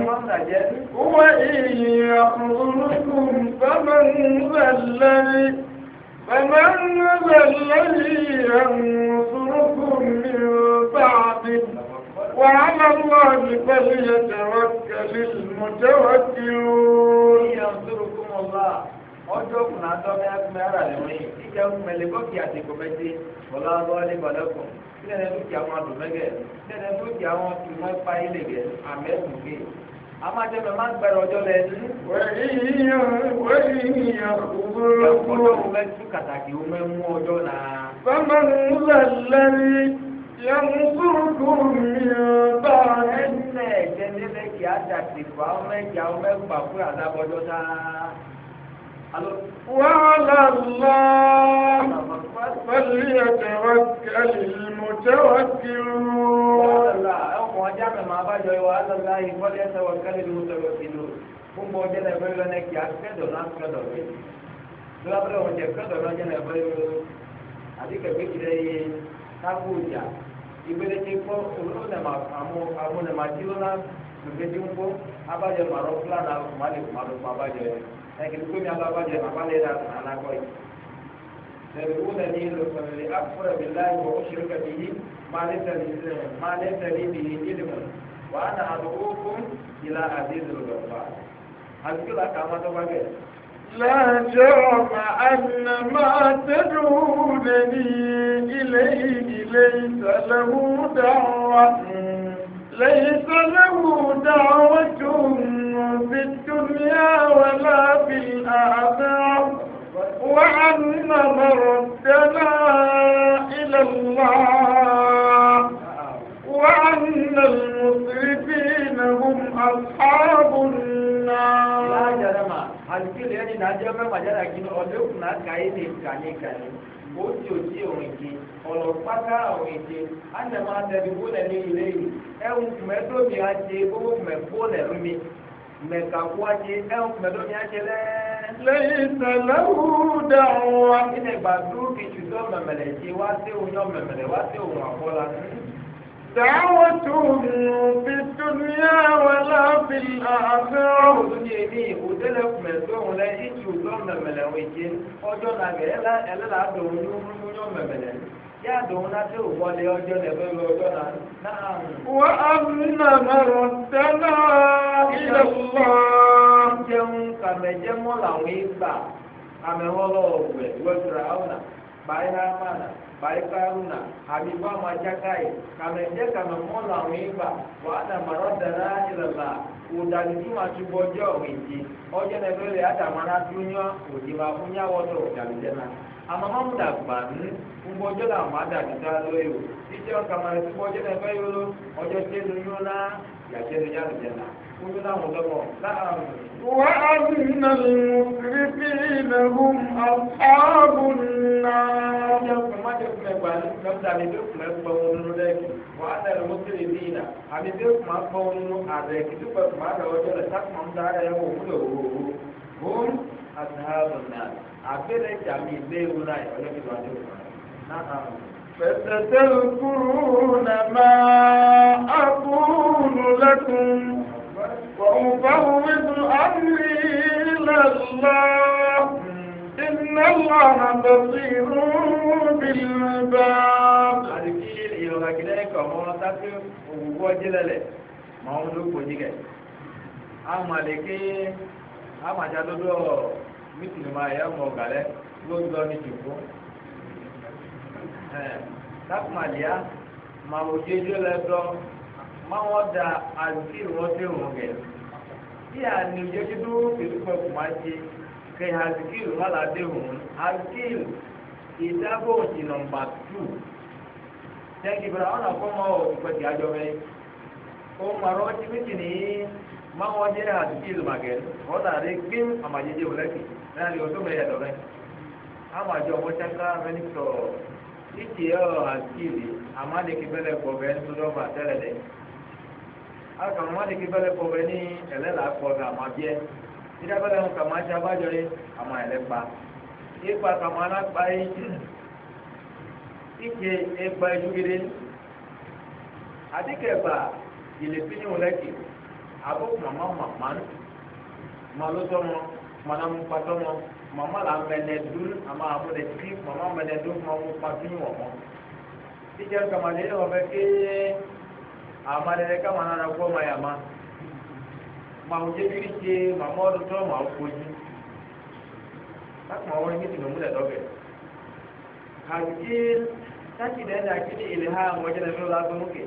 S1: wọ́n ìyá kúrúkún bàbá ń bẹ̀ lẹ́yìn. فمن ذا الذي ينصركم من بعده وعلى الله فليتوكل المتوكلون
S2: ينصركم Allah ọjọ́ kun atọ́ mẹ́ akumẹ́ ara lẹ́ wọ́n yìí kíkẹ́ akumẹ́ lẹ́ kọ́ kí àtìkù mẹ́tì bọ́lá bọ́lá bọ́lá kù nínú dúkìá wọn dùn mẹ́gẹ̀ nínú dúkìá wọn tì mọ́ ipa yìí lè gẹ̀ àmẹ́ kù gé amájẹ́ mẹ́ máa ń gbẹ̀rẹ̀ ọjọ́ lẹ́ ní. wẹ́ẹ̀yìn
S1: yẹmusurukum
S2: yaba. ẹnẹ jẹnẹlẹ kìí àdàtì fún àwọn ẹja àwọn ẹgbàá fún àdàbọjọ náà. وعلى
S3: الله
S1: فليتوكل
S2: المتوكلون Gbogbo ọjọ́ náà ìbẹ̀rẹ̀ lọ́nà kí a kẹ́dọ̀ náà kẹ́dọ̀ rẹ̀. Lọ́bẹ̀rẹ̀ ọjọ́ kẹ́dọ̀ lọ́jọ́ náà ìbẹ̀rẹ̀ lọ́nà àdìkẹ̀gbẹ́ kìlẹ̀ yẹ kágbó ìjà. Ìgbẹ́lẹ̀ ti kọ́ olóòlù àmọ́ àmúnẹ̀má tí ó náà lùgbẹ́dí ń bọ́ abájọ́ màrọ́ fúlànà màlẹ̀kùmá ló fún abájọ́ yẹn. لكن كم يلا بجي ما بالي لا أنا كوي تدعونني لأكفر بالله وأشرك به ما ليس لي ما ليس لي به علم وأنا أدعوكم إلى عزيز الغفار أذكر كما تبغي
S1: لا جرم أن ما تدعونني إليه ليس له دعوة ليس له دعوة في الدنيا ولا في الآخرة وأن مردنا إلى الله وأن
S2: المسرفين هم أصحاب النار alikele ẹni n'adzọ mẹ madzara kí ni ọdẹ kù náà ka yé ne ka ka ne o ti o ti òun ti ọlọ kpata òun ti anẹ ma tẹbi bó lẹ ní ilé yìí ẹun kùmẹ tó mi àti gbogbo kùmẹ bó lẹ mi mẹ kakú àti ẹun kùmẹ tó mi àti lẹ. lẹyìn sẹlẹwù dàrú wa. kí ni gbàdúró kìtù tó mẹmẹlẹ ti wá sí òun yọ mẹmẹlẹ wá sí òun àbọ̀lá.
S1: دعوة
S2: في الدنيا ولا في الآخرة ní ìwòdélé kùmẹ̀ na ń lẹ ìtù tó ń mẹ̀mẹ̀lẹ̀ wò ìdí ọjọ́ náà gẹ̀ ẹlẹ́la dòun ní múlúmúlú mẹ̀mẹ̀lẹ̀ yá dòun náà tó wọlé wà á nà barikaruna habiba machakai kamende kama mola wiba wana marodana ilala udalituma tubojo winji oje na vile hata mara tunyo ujiba kunya woto udalitena ama mamuda ban ubojo la mada kitalo yo ijo kama bojo na vile ojo tenu yona ìyàjẹ́ni yá nìyẹn náà. وأن
S1: المسرفين هم أصحاب النار
S2: وأن المسرفين àmì bí kò máa fọ́ nínú ààrẹ kìtì pẹ̀lú máa rẹ̀ ọjọ́ rẹ̀ sáà máa ń da ara ẹ̀wọ̀n òwúlò òwúrò bóun àti ààbò náà àgbẹ̀rẹ̀ ìjà mi ilé ìwúrà ìfọ̀lẹ́bí wájú náà.
S1: فستذكرون ما أقول لكم وأفوض أمري
S2: إلى الله إن الله بصير àwọn àjàdọ́dọ́ mítìlì máa yẹ ọmọ lẹ́ ní lápùmàdìá màá wò jẹjọ lẹdọ máa wọn da àlùfíì wọn sí òun gẹ tí àní jẹjọ dúró pẹ̀lú pẹ̀lú máa ṣe kẹ àzìkìlù má òun àzìkìlù ìdábò ti nọmba tù tẹ́kì bẹ̀rẹ̀ àwọn àkọ́mọ ìpẹ̀tì àjọ bẹ́ẹ̀ ó máa rọ́ ọtí méjì ní máa wọ́n jẹ́ màgẹ́ wọ́n rí gbé àmàjẹjẹ òlẹ́kì ọdún àmàjọ ọmọ ìtì yọ àkìlì àmàlìkì bẹlẹ kọbẹ ńlọrọba tẹlẹ dẹ aka àmàlìkì bẹlẹ kọbẹ ní ẹlẹla kọbẹ àmàbíẹ ìdábẹlẹ ń kàmá tí a bá jọ yẹ àmà ẹlẹgba ìgbà kàmá alágbá yìí ìtì ẹgbà ẹdúgídé àdìkẹgbà ìlẹsìn ìwọlẹkì àbúkù màmá màmá màlúsọmọ mana mu kpatɔ mɔ mama la mɛ dun ama abo le tri mama mɛ nɛ dun ma mo kpa fi wɔ mɔ tijɛ kama le wɔ fɛ kee ama le kama na na gbɔ ma ya ma ma wo dze biri tse mama wo tɔ ma wo kodzi kakuma wo ni ti mɛ mu le dɔbɛ hafi tati lɛ na kini ilha mo dze le fi la do mo ke.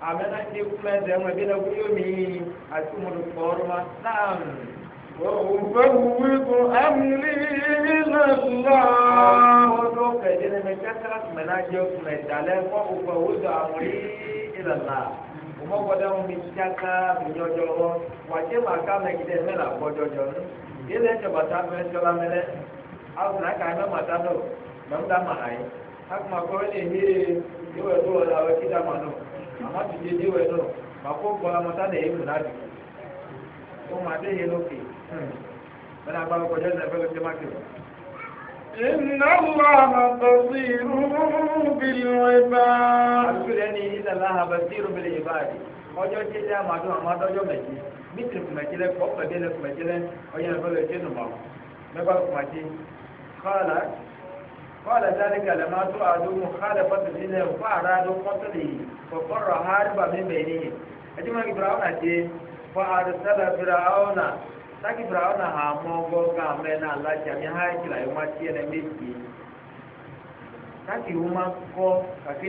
S2: a nwe negwudi omeiyi atụmụrụ ọrụwa naobe uwebụ
S1: ewuririla lụụtụde
S2: na-emechaa ka menajieechanaebe ụzọ amụriana ụbọ ọd mụme iti aka zụnye ọjọọ wace ma ka megide ea ọ a-ejeaa ae azụaka aaaa mmara ya aga akọe na-ehi e weaia mama ti dede wɛ nɔ bako bɔlamɔta de ewu na di o ma de yɛ n'oke mɛ na gbalo kɔjɔ ɛna fɛn fɛn ma kiri. إن الله بصير بالعباد. أقول أني إن الله بصير بالعباد. ọjọ́ tí ẹ máa dún àwọn adọ́jọ́ mẹ̀jì mítìrì kùmẹ̀jìlẹ̀ kọ́ pẹ̀lú ẹlẹ́kùmẹ̀jìlẹ̀ ọyẹ́ ẹ̀fọ́ lè jẹ́ قال ذلك لما توعدوا مخالفة الدين فأرادوا قتله فقر من أجمع فرعون فأرسل فرعون taki firawo na ha mɔgɔ gã mɛ na la jami ha ekele ayi ma tiɛ na mɛ tie taki wo ma kɔ kaki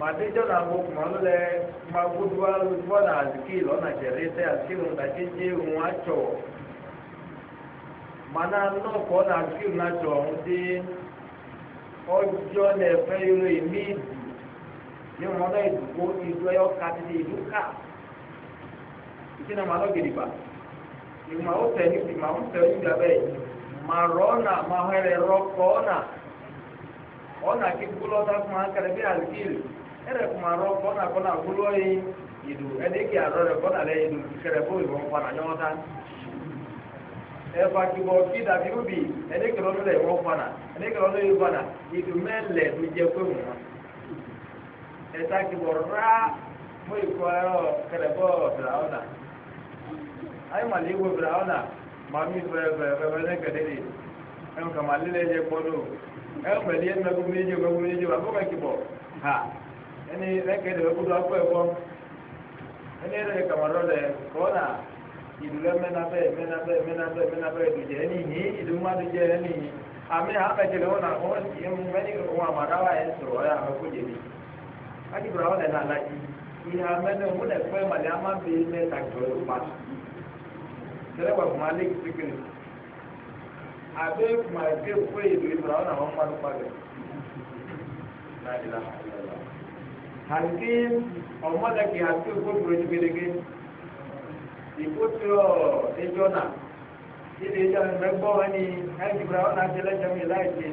S2: màdéjọ́ náà bó kùmà ló lẹ má gbódú wa lójúbọ́ náà àzìkí lọ́nà jẹ̀rẹ́ tẹ́ àzìkí lọ́nà dàjé jẹ́ òun àtsọ̀ màná nọ́ọ̀kọ́ náà àzìkí lọ́nà àtsọ̀ ọ̀hún dé ọjọ́ náà fẹ́ yọrọ èmi ìdù ní wọn náà ìdùkú ìdù ẹ̀yọ́ ká títí ìdù ká ìdí náà má lọ gèdè bá ìmọ̀ ó tẹ̀ níbi ìmọ̀ ó tẹ̀ níbi abẹ́ mà rọ́ nà mà hẹ́rẹ̀ rọ́ kọ́ nà ọ̀nà kí gbólọ́dá fún akẹ́rẹ́ bí àzìkí ẹrẹ kuma rọ kọna kọna wúlọ yìí ìdù ẹdí kì arọ rẹ kọna lẹ ìdù kẹrẹ bó ìwọ nkpa nà nyọwọ tán ẹfà kìbọ kí dàbí ubi ẹdí kẹrọ lẹ ìwọ nkpa nà ẹdí kẹrọ lẹ ìwọ nà ìdù mẹlẹ ló jẹ pé wọn ẹta kìbọ rà mọ ìkọ ẹrọ kẹrẹ bọ bìrà ọ̀nà ayé màlẹ ìwọ bìrà ọ̀nà màmí fẹfẹfẹ lẹkẹdẹ lè ẹnu kàmá lílẹ ẹjẹ gbọdọ ẹnu pẹlú ẹnu ẹgbẹ méjì ẹgbẹ méjì wà fọkàn kìbọ ha. ẹni lẹ́kẹ̀dẹ̀ ọkùnrin na ẹ̀kọ́ ẹni ẹ̀rẹ́ kàmọ́rọ́ lẹ̀ kọ́nà ìdúlẹ̀ mẹ́nabẹ́ mẹ́nabẹ́ mẹ́nabẹ́ mẹ́nabẹ́ ìdújẹ́ ẹni yìí ìdúmọ́dújẹ́ ẹni yìí àmì àpẹjẹlẹ wọn náà wọn sì ń mẹ́ni wọn àmàdáwà ẹ̀ sọ̀rọ̀ ọ̀yà àmọ́kò jẹ̀bi ádìbò àwọn ha alájí ìhà mẹ́ni wọn fẹ́ màlẹ́ mẹ́ta hakim ọmọdéke hakim gbogbo ní gbedege ìkótó ẹjọ náà ilé ẹjọ mi gbọ wọn ni ẹnjìbra wọn náà ti lẹjọ mi láìsí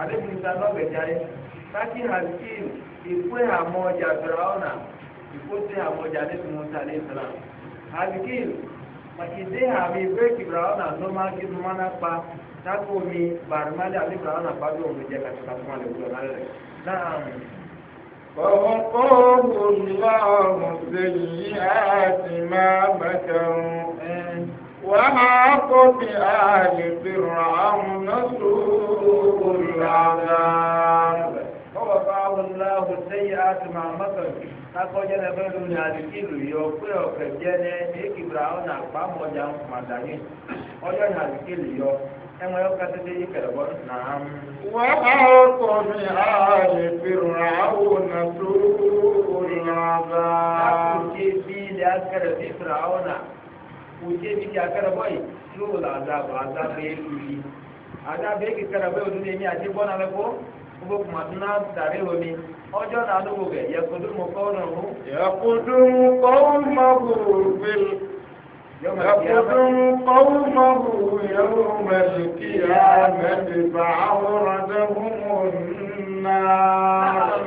S2: alébìnrin lọgbẹjà yẹ káàkiri hakim ìkó àmọ ọjà gbẹrẹ wọn náà ìkótó àmọ ọjà nípa musa ní ìsìlá hakim ìdí àmì bírèkì gbẹrẹ wọn náà ló máa kí ló máa náà pa tákò mi bàrúmálẹ àbí gbẹrẹ wọn pàdé òun jẹ kàtàkàtà wọn فوقاه الله
S1: سيئات ما مكروا وحاق بآل
S2: فرعون سوء العذاب فوقاه الله سيئات ما مكروا akɔjɛ lɛ fɛn lóni alikilu yɔ ɔkɛ jɛ ɔjɔ ẹ̀wọ̀n yóò ká tẹ́lẹ̀ yí kẹlẹ̀ bọ́. wọ́n á kọ́ mi ààyè fìrà ọ̀nà tó lọ́ba. àkùjẹ bí ilẹ̀ akẹrẹ bí fìrà ọ̀nà kùjẹ bí ilẹ̀ akẹrẹ bọ́ yìí yóò là àdàbọ̀ àdàbẹ̀ lùlì. àdàbẹ̀ kì kẹrẹ bẹ́ẹ̀ òdúlé mi àti bọ́nà lẹ́kọ́ gbogbo kùmàdúnà dàrí omi ọjọ́ náà ló gbogbo ẹ̀
S1: yẹ يقدم قومه يوم القيامة فعورتهم النار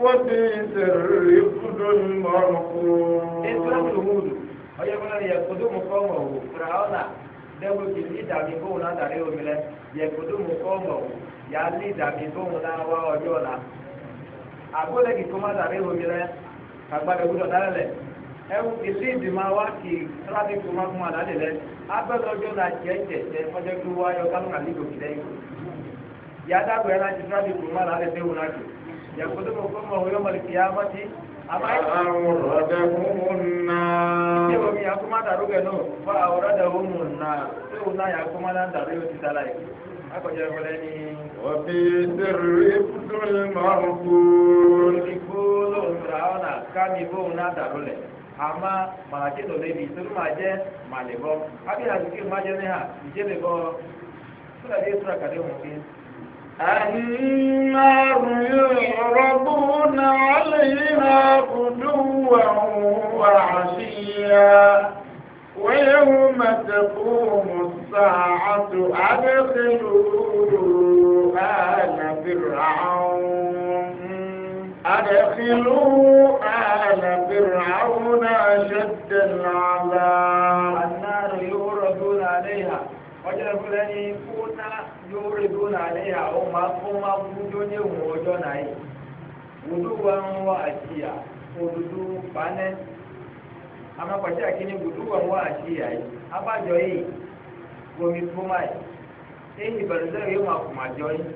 S1: وبئس الرفد ọhụrụ إسلام الهود
S2: ويقول يقدم قومه فرعون dẹ́gbẹ́ kì í ní bóun náà dàrí omi lẹ yà á bóun náà wá ọjọ́ ọ̀la. má dàrí omi lẹ dálẹ̀ ilé ìgbìmọ̀ wa kì í sábàbí kó má fún wa lálẹ́ lẹ agbẹ́sọ̀jọ́ la jẹ́ jẹ̀jẹ̀ ọjọ́ tó wá yọ kálùkà ní ìgbòkì lẹ́yìn yàtàgbọ̀ yẹn láti sábàbí ya má lálẹ́ tẹ́wò náà jù yàtọ̀ tó kọ́ mọ̀ ọ̀yọ́ mọ̀lẹ́kì yá má yàtọ̀ na ya ti وفي سر ابن يقول ama mara ke lole bi ma je ma bo abi na ke ma je ne ha je le bo sura de sura ka de mo ke
S1: النار يعرضون عليها غدوا وعشيا ويوم تقوم الساعة أدخلوا آل فرعون أدخلوا آل فرعون
S2: أشد العذاب النار يوردون عليها ọjọ́ ìfúnlẹ̀ ní kúnà yóò rí dúnà léyà ó máa kó máa kú tó ní òun ọjọ́ náà yìí wùdú wa ń wá àṣìyà òdúdú panẹ́ amápàṣẹ àkíní wùdú wa ń wá àṣìyà yìí abájọ yìí gbomi fúnmáì ẹ̀yìn ìbẹ̀rẹ̀ sẹ́yìn yóò máa kùmà jọ yìí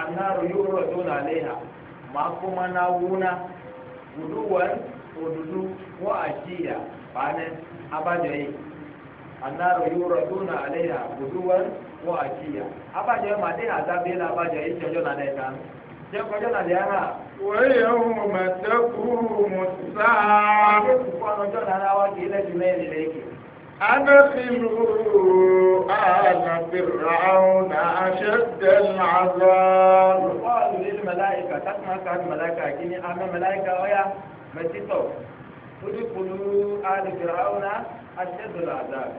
S2: anáàrò yóò rọ̀ dúnà léyà máa kó máa na wúna wùdú wẹ̀ òdùdú wọ́n àjíyà fàánẹ́ abájọ yìí anáàrọ̀ yóò rọ̀ tó nà alẹ́ yà wùdú wẹ̀ wọ́n àjíyà abájọ yìí màdé àdábí la abájọ yìí jẹjọ́ kan jẹ́kọ̀jọ́ nà dẹ̀ hàn.
S1: wẹ́yẹ̀ ohun mẹ́tẹ́kù mùsà. àwọn akẹ́kọ̀ọ́ ọ̀nà ọjọ́ nà wa kì í lẹ́sìn mẹ́rin أدخلوا
S2: آل فرعون أشد العذاب قالوا للملائكة تسمع كان ملائكة كني أما ملائكة ويا مسيطو ادخلوا آل فرعون أشد العذاب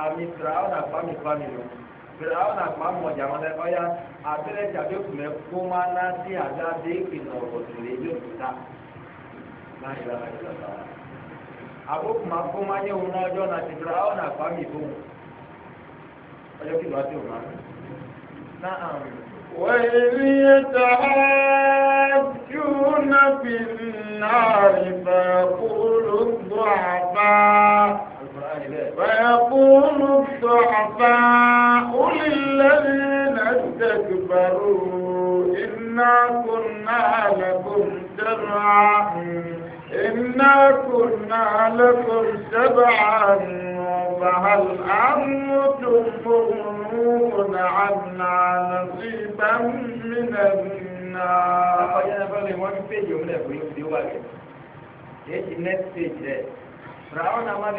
S2: àmì firawo na fami fami lò firawo na fami ọjà wọn lẹ ọyà abẹrẹ jàbẹ kùmẹ kó má ná sí àdá dé ìkìlọ̀ ọ̀tún lè yóò tó ta. láyé lọ́la yóò lọ́la àbókù máa kó máa yẹ òun náà ọjọ́ náà ti dúró àwọn àfáàmì ìbòun ọjọ́ kìlọ̀ àti òun náà. وإذ
S1: يتحاجون في النار
S2: فيقول
S1: الضعفاء فيقول الضعفاء للذين استكبروا إنا كنا لكم جمعا إنا كنا لكم سبعا فهل أنتم مغنون عنا نصيبا من النار ọjọ́
S2: ẹgbẹ́ mi na ti péjì òun na fún ìdí wà rẹ̀ yé ti next stage rẹ̀ ràwọn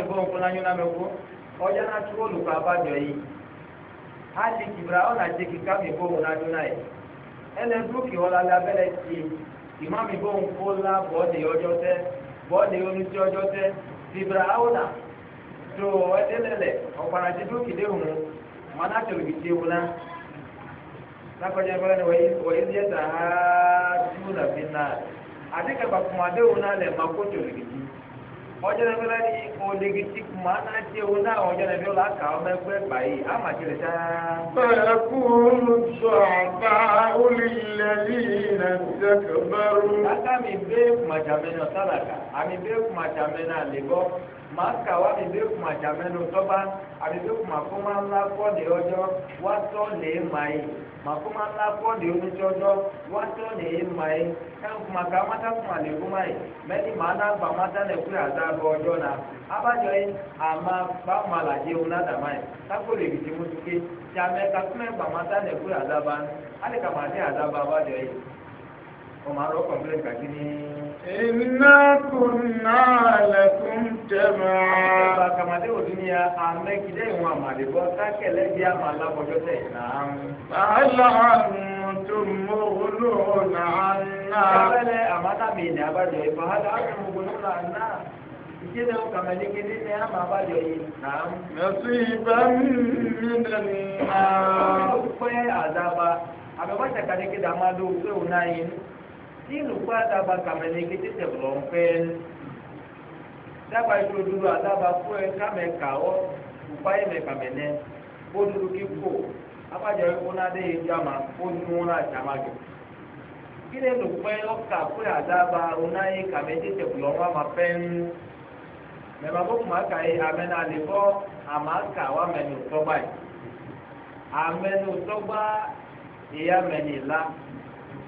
S2: mi ti. ìmáàmì bò ń kó lá bọ́ọ̀dì ọjọ́ tẹ́ bọ́ọ̀dì oníṣẹ́ ọjọ́ tẹ́ tìbra áwòlà tó ẹdẹlẹlẹ ọ̀pọ̀lọpọ̀ dúkìdé òun mọ́nà tó lùbí tí wọn lákọjá ìfọlẹ́ ni wọ́n yé díẹ̀ tà á dúró làbí náà àdékàgbà fún adéhùn náà lẹ̀ máa kó tó lùbí tí ọjọ́ náà bí láti ikun odigi tí kùmà náà tí ewu náà ọjọ́ náà bí ọlá kà ọmọ ẹgbẹ́ ẹgbà yìí á mà tilẹ̀ sáá. bẹ́ẹ̀ kú olùsọ̀ọ̀bá olùlẹ̀lì iná ṣẹ́kẹ̀ bẹ́rù. akámi bẹ́ẹ̀ kùmàjàmẹ́ náà sálàkà àmì bẹ́ẹ̀ kùmàjàmẹ́ náà lè màá kà wá mi bí kùmà jàmẹ́nu tọ́ba àbí bí kùmà kó máa ńlá kọ́ de ọjọ́ wá tọ́ lè mà yìí mà kó máa ńlá kọ́ de oníjọ́jọ́ wá tọ́ lè mà yìí ẹ̀ kùmà ká mátá kùmà lè kó má yìí mẹ́ni màá ná gbà mátá lè kúrò àdá ọjọ́ náà abájọ yìí àmà bá náà dàmá yìí kákó lè bìtì mú tuké jàmẹ́ gbà mátá lè Inna kunna lakum jama'a. Ẹ̀ka kàmádé òní na a ìwọ̀n àmàlẹ́bọ̀ kákẹ́lẹ́ bí àmàlà ọjọ́ tẹ̀ náà. Bàálà àtúntún mú olóòna àná. Ẹ̀fẹ́lẹ́ àmàtàmì ìní abájọ yìí, bàálà àtúntún mú olóòna àná. Ìkéde wọn kàmẹ́lẹ́ kéde ní ìlùkọ́ àtàbà kàmẹ́lẹ́ kété tẹ̀lọ́ ń pẹ́ dábàá ìṣó dúró àtàbà fún ẹ kàmẹ́kà ọ́ ìpá ẹ̀mẹ́ kàmẹ́lẹ́ ó dúró kí abájọ ẹ̀kọ́ náà dé ìjọ àmà ó nú náà jàmá jù kí lè pẹ́ ọkà ń bó kùmà kà yé amẹ́nà lè àmà kà wà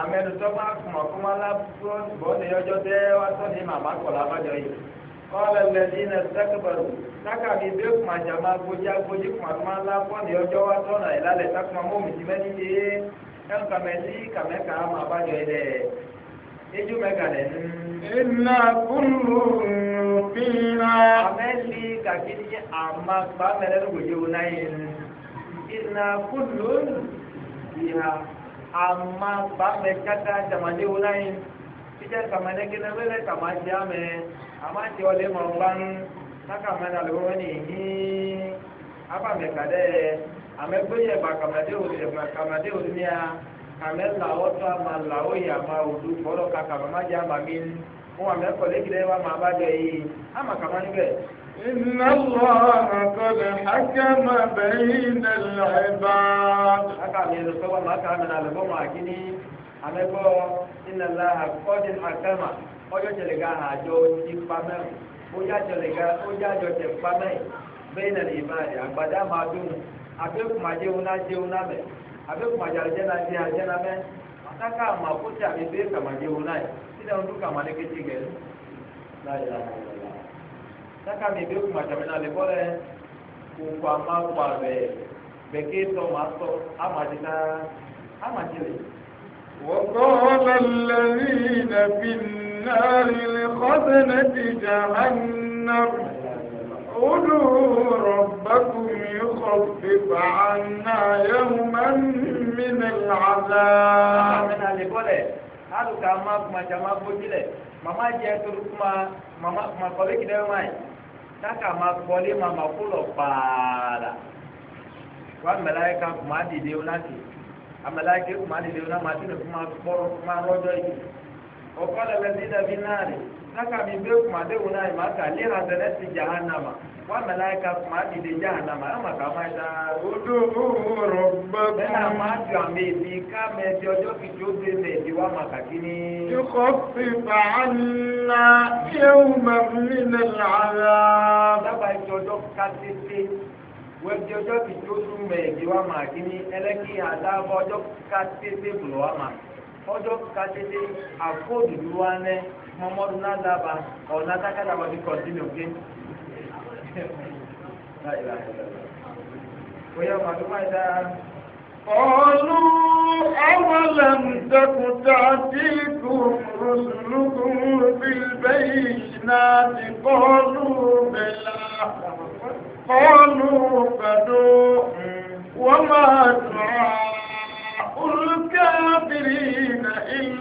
S2: amẹnusọ bá kùmọ̀ kó má lábúrò bọ́ọ̀lù yọjọ́ tẹ́ wá sọ́ni màmá kọ̀ lábàjọ yìí kọ́lẹ̀ lẹ́dí iná sẹ́kẹ̀bẹ̀rù sákàbí bí kùmà jàmá gbójá gbójí kùmà tó má lá bọ́ọ̀lù yọjọ́ wá sọ́nà ìlàlẹ̀ sákùmà mọ́ òmìtì mẹ́ni ṣe é ẹn kàmẹ́sí kàmẹ́kà má bàjọ yìí dẹ̀ ejú mẹ́ka lẹ̀ nù.
S1: iná kúlù
S2: fínà. amẹ́lí kàkiri àmà gbàmẹ́lẹ́ lóòjó náà yìí iná kúlù fínà ama bame kata jamade wonai tijɛ kamane kene wele kama jame ama ti ɔle ma ban na kama na le wani hi aba me kade ame gbeye ba kamade wodi ma kamade wodi nia kame la wɔtɔ ama la woyi ama wodu kɔlɔ ka kama ma jama mi mo ame kɔle kele wa ma ba dɔ yi ama kama ni bɛ.
S1: إن الله قد حكم بين
S2: العباد حكم يا دكتور ما كان من على بوما كني أنا إن الله قد حكم ọjọ́ tẹ̀lẹ́gà àjọ ti pamẹ́ ọjà tẹ̀lẹ́gà ọjà àjọ tẹ̀ pamẹ́ saka mi bi kuma tɛmɛ na le kɔ lɛ koko ama kpa bɛ bɛke tɔ ma tɔ ama ti ta ama ti le. وقال
S1: الذين في النار لخزنة جهنم ادعوا ربكم يخفف عنا
S2: يوما من العذاب káka máa kọ́lé máa máa kó lọ kpaara wọ́n amẹ́láyé ká kò máa dìde wọn láti amẹ́láyé ké kò máa dìde wọn láti máa tẹ̀lé kó máa kpọ́rọ́ kó máa rọ́jọ́ yìí ọkọ́ lẹ́mẹ́sí dàbí náà naka mi be kuma de wuna yi ma ka lera dɛrɛ ti jahannama wa malayika kuma ti de jahannama ama ka ma da. o do o rɔ gbɛgbɛ. bɛna ma jɔ a mɛ bi k'a mɛ bi ɔjɔ ki jo be mɛ bi wa ma ka kini. yɔkɔ fipa ana yewu ma mi ne laala. daba jɔjɔ ka tete wẹbi ọjọ ti tó sùn mẹ ìdí wa mà kí ni ẹlẹkìn àdá ọjọ ká tètè bùrọ wa mà ọjọ́ kàtẹ́tẹ́ àkóòdù ló wá lẹ́ mọ́mọ́dún náà dábàá ọ̀nà tákàdàbà bí kọ̀ọ̀tínì òkè. bóyá màdùn máa dáa.
S1: قالوا أولم تك تأتيكم رسلكم بالبينات قالوا بلى
S2: قالوا
S1: فدوا وما دعاء
S2: الكافرين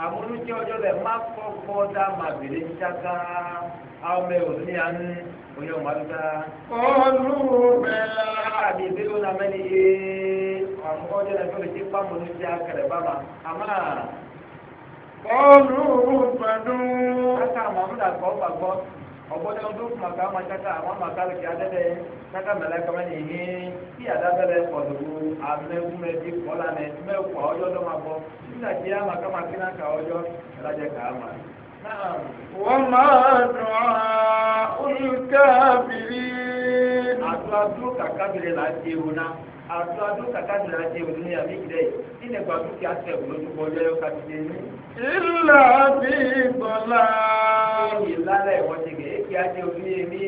S2: àmúlùjẹ́ ọjọ́ bẹ̀ má kọ́kọ́ dá màbèrè ṣáká àwọn ọ̀sùn ní àánú oyè ọ̀màdúdá. olùbẹ̀là. àbí ìbílẹ̀ ọ̀nà mẹ́ni yé àwọn ọjọ́ náà fẹ́ẹ́ ti pàmò ní ti akẹrẹ bàbà àmà. olùbẹ̀dùn. káká màmúdà kọ́ gbàgbọ́. ọgbọdọ ọdún màkà màkàkà àwọn màkàlù kí adẹdẹ kàkà mẹlẹ kàmẹ nìyí kí adabẹlẹ kọdùkú amẹwùmẹbi kọlà nẹ mẹwù ọjọ dọ ma nígbà tí a màkà màkì náà kà ọjọ ẹlẹjẹ kà á mà.
S1: وما دعاء
S2: الكافرين أتوا ككافرين أتيهنا àtúntò adúlọ kàkà ní àjẹ òní ní àmì ìdẹ yìí ní ẹgbàá dúkìá tẹ lójú bọjọ yọ ká ti dé ní. ìlà bí bọlá. èyí lálẹ́ ìwọ́n èkì àjẹ òní èmi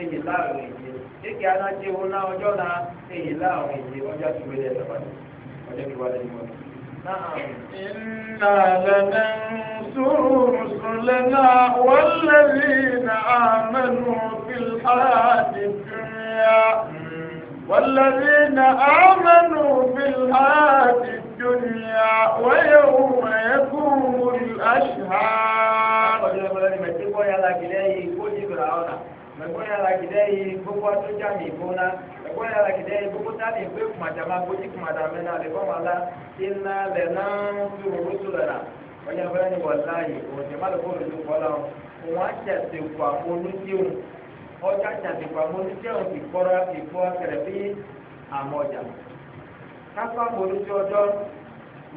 S2: èyí láàrin èyí èkì àjẹ òun náà ọjọ́ náà èyí láàrin èyí ọjọ́ ti wọlé ẹ̀ ọjọ́ ti wọlé ẹ̀
S1: إنا لننصر رسلنا والذين آمنوا في الحياة الدنيا والذين آمنوا في الحياة الدنيا ويوم
S2: يقوم الأشهاد mẹgbọnyà la kìdẹ yìí gbogbo atúnjà mi gbóná mẹgbọnyà la kìdẹ yìí gbogbo tani gbé kumadama gbódì kumadama náà lè fọmọ ala iná lẹ náà dúró lóṣù lẹ náà wọ́n yà ni wọ́n láàyè òun ti má lè fọ́ kọ́ la wọn á tẹ̀sẹ̀ kó àpò olóṣèlú ọjà jàdìpá mo ní jẹ́ òsì kọ́ra ìfọ́ akẹrẹ bí àmọ́ ọjà kápá mo ní jẹ́ ọjọ́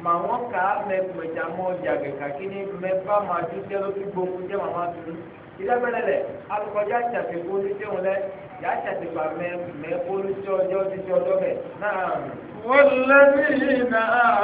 S2: mà wọ́n kà á mẹ́gbẹ̀jà mọ́ ọjà gẹ̀kà kí ni mẹ́fà máa dún jẹ́ lójú gbogbo jẹ́ màmá tuntun ìdábẹ́lẹ̀ lẹ̀ alùpàjà jàdìpá mo òun lẹ̀ yà á jàdìpá mẹ́ mẹ́ ọjọ́ ti ọjọ́ bẹ̀ náà. والذين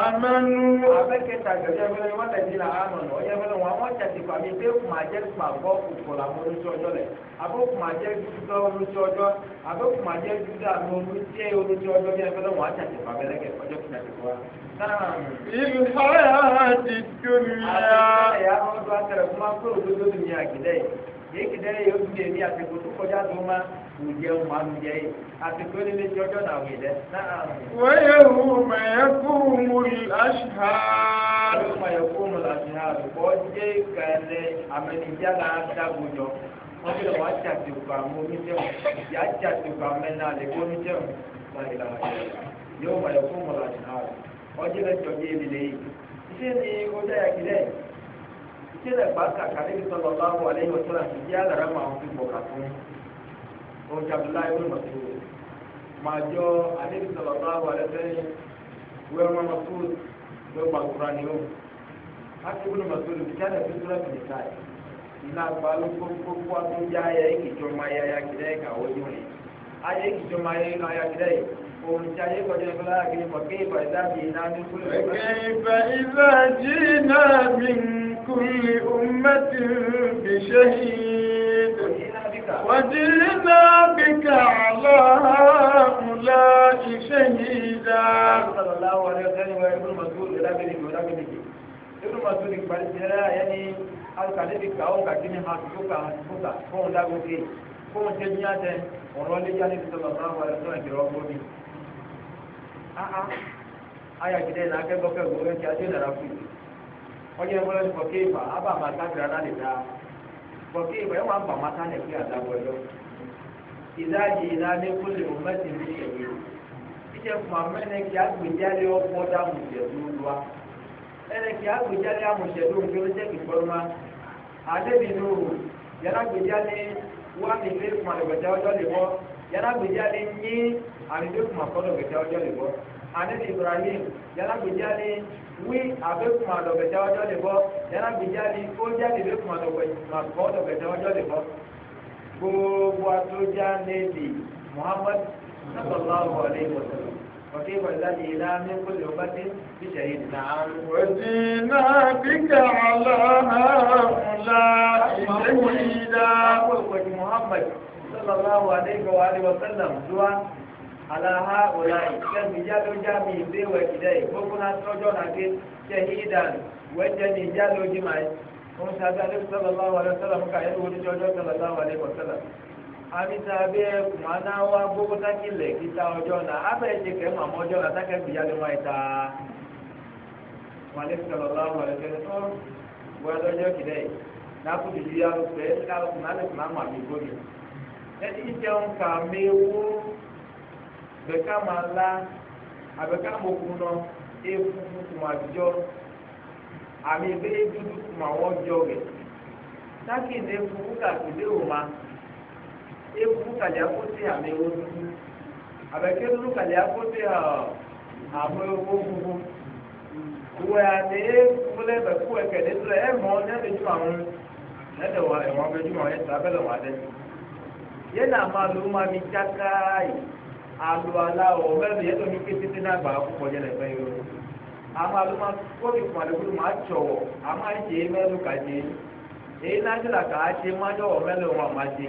S2: آمنوا أبكي تاجر يقول والذين آمنوا يقول وما تجيب أمي بيك ما جرس ما بوك ولا مرس وجل أبوك ما جرس جدا ورس وجل أبوك ما جرس جدا مرس ورس وجل يقول وما تجيب أمي لك وجب تجيب نعم في الحياة الدنيا tó akẹrẹ fún wa kúrò tó tóbi ní àgídẹ́ yìí èkìdẹ́ yìí ó dúdú èmi àti kòtò kọjá tó má kò jẹ ohun àlùjẹ yìí àti kò lè lè jẹ ọjọ́ náà wì lẹ. wáyé wù mẹ́yẹ kó mu láṣà. wáyé wù mẹ́yẹ kó mu láṣà kọ́ jẹ́ kẹlẹ́ amẹnidíà náà dágbójọ wọ́n bí lọ́wọ́ àjàdì ògbà mú omi jẹun ìyá àjàdì ògbà mẹ́ta lè kó omi jẹun láyé láyé yóò wáyé fún mọ̀lá ìhà ọjọ́ lẹ́jọ́ bí èmi lè iṣẹ́ ni ó dáyà kílẹ̀ yìí tí lè gbà kàkà níbi sọlọ bá wà lẹ́yìn ọjọ́ náà ti di àlàrà máa ń fi bọ̀kà fún ọjà abdullahi wọn mọ̀tò máa jọ àníbi sọlọ bá wà lẹ́sẹ̀yìn wẹ́rọ mọ̀tò ló gbà kúra ni ó láti wọn mọ̀tò lè fi àlẹ́ fi tóra fi nìka yìí iná gba ló kókókó àtúndì ayé ìkìjọ máa yá ya kìlẹ̀ ẹ̀ka ojú rẹ̀ ayé ìkìjọ máa yá ya kìlẹ̀ yìí. وكيف إذا جئنا
S1: من كل أمة بشهيد وجئنا بك على
S2: هؤلاء شهيدا صلى الله عليه وسلم وابن مسعود لا بد bi kàwọ́ kàkí ni hàn tó kà tó kà fóun dágóté fóun tẹ ní àtẹ ọ̀rọ̀ lẹ́yìn alẹ́ tó bàbá wa lọ́wọ́ ìdìrọ̀ ọgbọ́n mi. ayàjìdẹ́ náà akẹ́kọ̀ọ́ kí adé nàrà fún mi onye nwere nsọkọ ịba aba mata gara na nịda nsọkọ ịba ịwa mba mata na ekwe adagwelo ìdájì ìlànà kó lè wọ́n mẹ́sìn ní ìṣẹ̀lẹ̀ ìṣe fún amẹ́nẹ́ kí agbèjáde ọkọ̀ dáhùn ìṣẹ̀lẹ̀ olúwa ẹnẹ́ kí agbèjáde àmọ̀ ìṣẹ̀lẹ̀ olúwa ló jẹ́ kí gbọ́dọ̀ adébínú yàrá gbèjáde wà ní ilé fún àlùbẹ̀tẹ̀ ọjọ́ lè wọ́ yàrá gbèjáde ní àlùbẹ̀tẹ̀ fún àkọ́lùbẹ̀tẹ̀ ọjọ́ lè wọ́ anabi ibrahim yàrá gbèjáde wí abe kuma dɔgbɛdza ɔjɔ le bɔ yàrá gbèjáde ɔjáde be kuma dɔgbɛdza ɔjɔ le bɔ gbogbo atodza nebi muhammad sallallahu alayhi wa sallam وكيف الذي لا من كل أمة بشهيد نعم وجينا بك على هؤلاء شهيدا محمد صلى الله عليه وآله وسلم aláha ọ̀làyì kẹ́mi jálójámi ìbéwẹ̀ ìdẹ́ ìgbókúná tọ́jọ́ nàgé ṣẹ̀hídàn wẹ́jẹ̀ni da máa ń na alẹ́sọ̀lọ́wọ́ alẹ́sọ̀lọ́ fún kàyẹ́lú oníjọ́jọ́ sọ̀lọ́wọ́ alẹ́kọ̀sọ̀lọ́ amisa bẹ wa gbogbo taki lẹ kita na abẹ ti kẹ mọ àmọ́ ọjọ́ na takẹ gbìyànjú wa ta wàlẹ sọlọlá wàlẹ sẹlẹ ọ wọlé ọjọ́ kìdẹ yìí n'akutu Abeka ma la abɛka ma oku efufu kuma dzɔ ami be kuma wɔ dzɔ gɛ taki ne fufu ka de o ma efufu kalia ame wo dudu dudu ɔ ame wo fufu wɛ ɛkɛ de do ɛmɔ ne be ne de ɛmɔ be le yena ma ma mi tsaka yi. alu aláwọ̀ mẹ́rin yẹn tó ní ké títí náà gbà kó kọjá lẹ́gbẹ́ yìí o àmọ́ alu máa kóbi fún alukuru máa tsọ̀wọ̀ àmọ́ àìsè mẹ́rin kà dé èyí náà ti là kà á tse má yọ̀wọ̀ mẹ́rin wọn má dé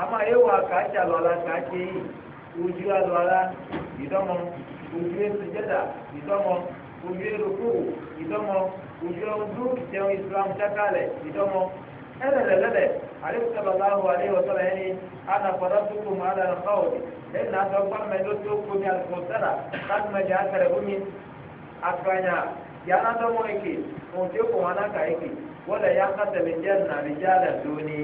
S2: àmọ́ èyí wà kà á tse alu ala kà á tse yìí ojú alu ala ìdọ́mọ ojú esijẹ́dà ìdọ́mọ ojú eruku ìdọ́mọ ojú ọdún ìjẹun islam jákàlẹ̀ ìdọ́mọ ẹlẹlẹlẹlẹ alekutalalahu alayhi wa sallam yẹni anafọdọ tukun mu ala nkawodi ẹni n'asọ gbàmẹ ló tó komi alikọsẹlá k'atumẹjẹ akẹrẹ omi akanya yàrá dọmọ eke òtí kò wọn aka eke wọlé ya kàtẹlẹ jẹ nàbí jẹ alẹ lóni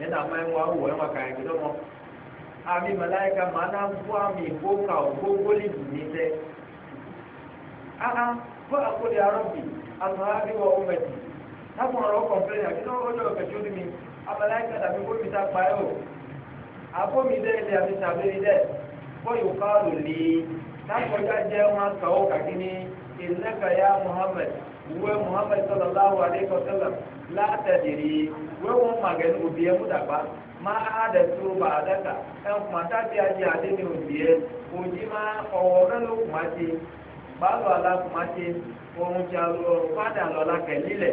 S2: yẹn àmọ ẹmu awọ ẹmu aka eke dọmọ àmì mẹláyìíká màá nà àmì gbóka ògbógbólì dùnmí tẹ fún akóde arọbì asọ àbí wọ táwọn ọ̀rọ̀ ọkọ̀ fẹ́ yàtí náà ọjọ́ ìkẹjọ ni mi abalaika tàbí bómi ta pa ẹ́ o abómi dẹ́ ilé àti tàbí dẹ́ bóyá ká lò lé tákọjá jẹ́ wọn kàkí ní muhammed wúwẹ́ muhammed látẹ̀dìrì wúwẹ́ wọn òbí ẹ̀ múdàgbà tó bá ẹ̀ kùmàtà a ní òbí ẹ̀ òjì ọ̀wọ́ kùmàtì ohun tí a lọ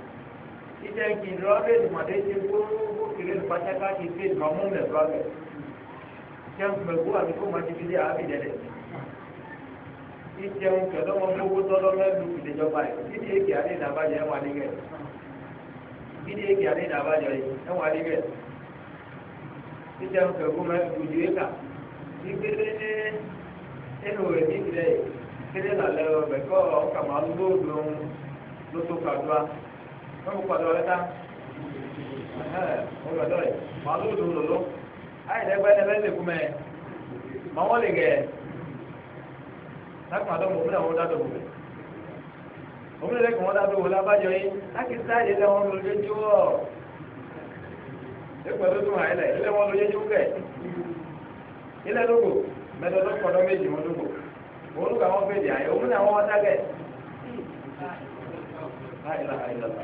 S2: ite ki rɔbe dumade ti gbogbo kele nu pataka ki fe duma mu mɛ rɔbe ite ŋkume ko ami ko ma ti fi de abi dɛ dɛ ite ŋu kɛlɛ mo gbogbo tɔlɔ mɛ du kile jɔ ba yi kidi eke ale na ba jɔ ɛwɔ ali kɛ kidi eke ale na ba jɔ yi ɛwɔ ali kɛ ite ŋkume ko mɛ dudu wọ́n kó padà ọ̀rẹ́ta wọ́n lọ́dọ̀ rẹ̀ màá ló lò lọ́lọ́ ayẹ̀dẹ́gbẹ́ ẹ̀dẹ́gbẹ́ lè kú mẹ́ màá wọ́n lè gẹ̀ ẹ́ lákùnrin àdọ́mọ̀ òmìnira wọn dá dọ̀bọ̀ rẹ̀ òmìnira kò wọ́n dá dọ̀bọ̀ lábàjọ yín láti sáàyè lé wọn lóye jó ọ̀ ẹ̀kọ́ tó tún àyẹ̀lẹ̀ ilé wọn lóye jó kẹ̀ ilé lóko mẹ́tọ́dọ́kọ̀dọ́ méjì wọn lóko òun lóko àwọn fèjì àyẹ̀ òmìnira wọn wọ́n dá kẹ̀ láìláìlọ́ta.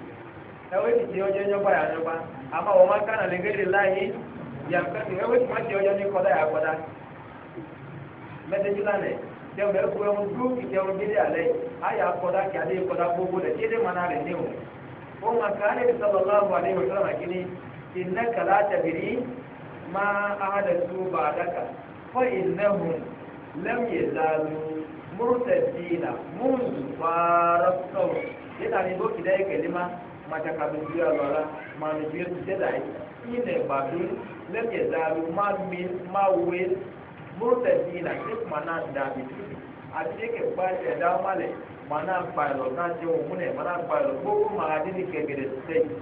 S2: ẹwé ti ti ọjọ́ ẹjọ́ báyà ọjọ́ bá àmọ́ wọ́n máa kánà lẹ́gẹ́dẹ́ láàyè yàtọ̀ ẹwé ti máa ti ọjọ́ ní kọ́dá yà kọ́dá mẹ́tẹ́jú lánàá jẹun ẹkú ẹmu dúró ìjẹun délé alẹ́ ayà kọ́dá kí adé kọ́dá gbogbo lẹ̀ tí ẹdẹ máa nà rẹ̀ ní o wọ́n máa kà á lè sọ̀rọ̀ láàbù àlẹ́ ìwé sọ̀rọ̀ màkínní iná kàlá tẹ̀bìrì máa ahadà tó bá a dàkà fọ́ ìnáhùn lẹ́mìí ìlàlú mùrùtẹ̀ dìínà mùsùlùmí fàárọ̀ sọ̀rọ̀ macaka bi bi alo ala ma mi bi etu tẹ da yi ina gba bi lẹbi ẹza alo ma mi ma we protest yi na ṣe kuma na da bi tu àti ẹkẹ gba ẹda ma lẹ ma na gba ẹlọ na ṣe òun nẹ ma na gba ẹlọ gbogbo ma ha di ni kẹgẹrẹ sẹ yi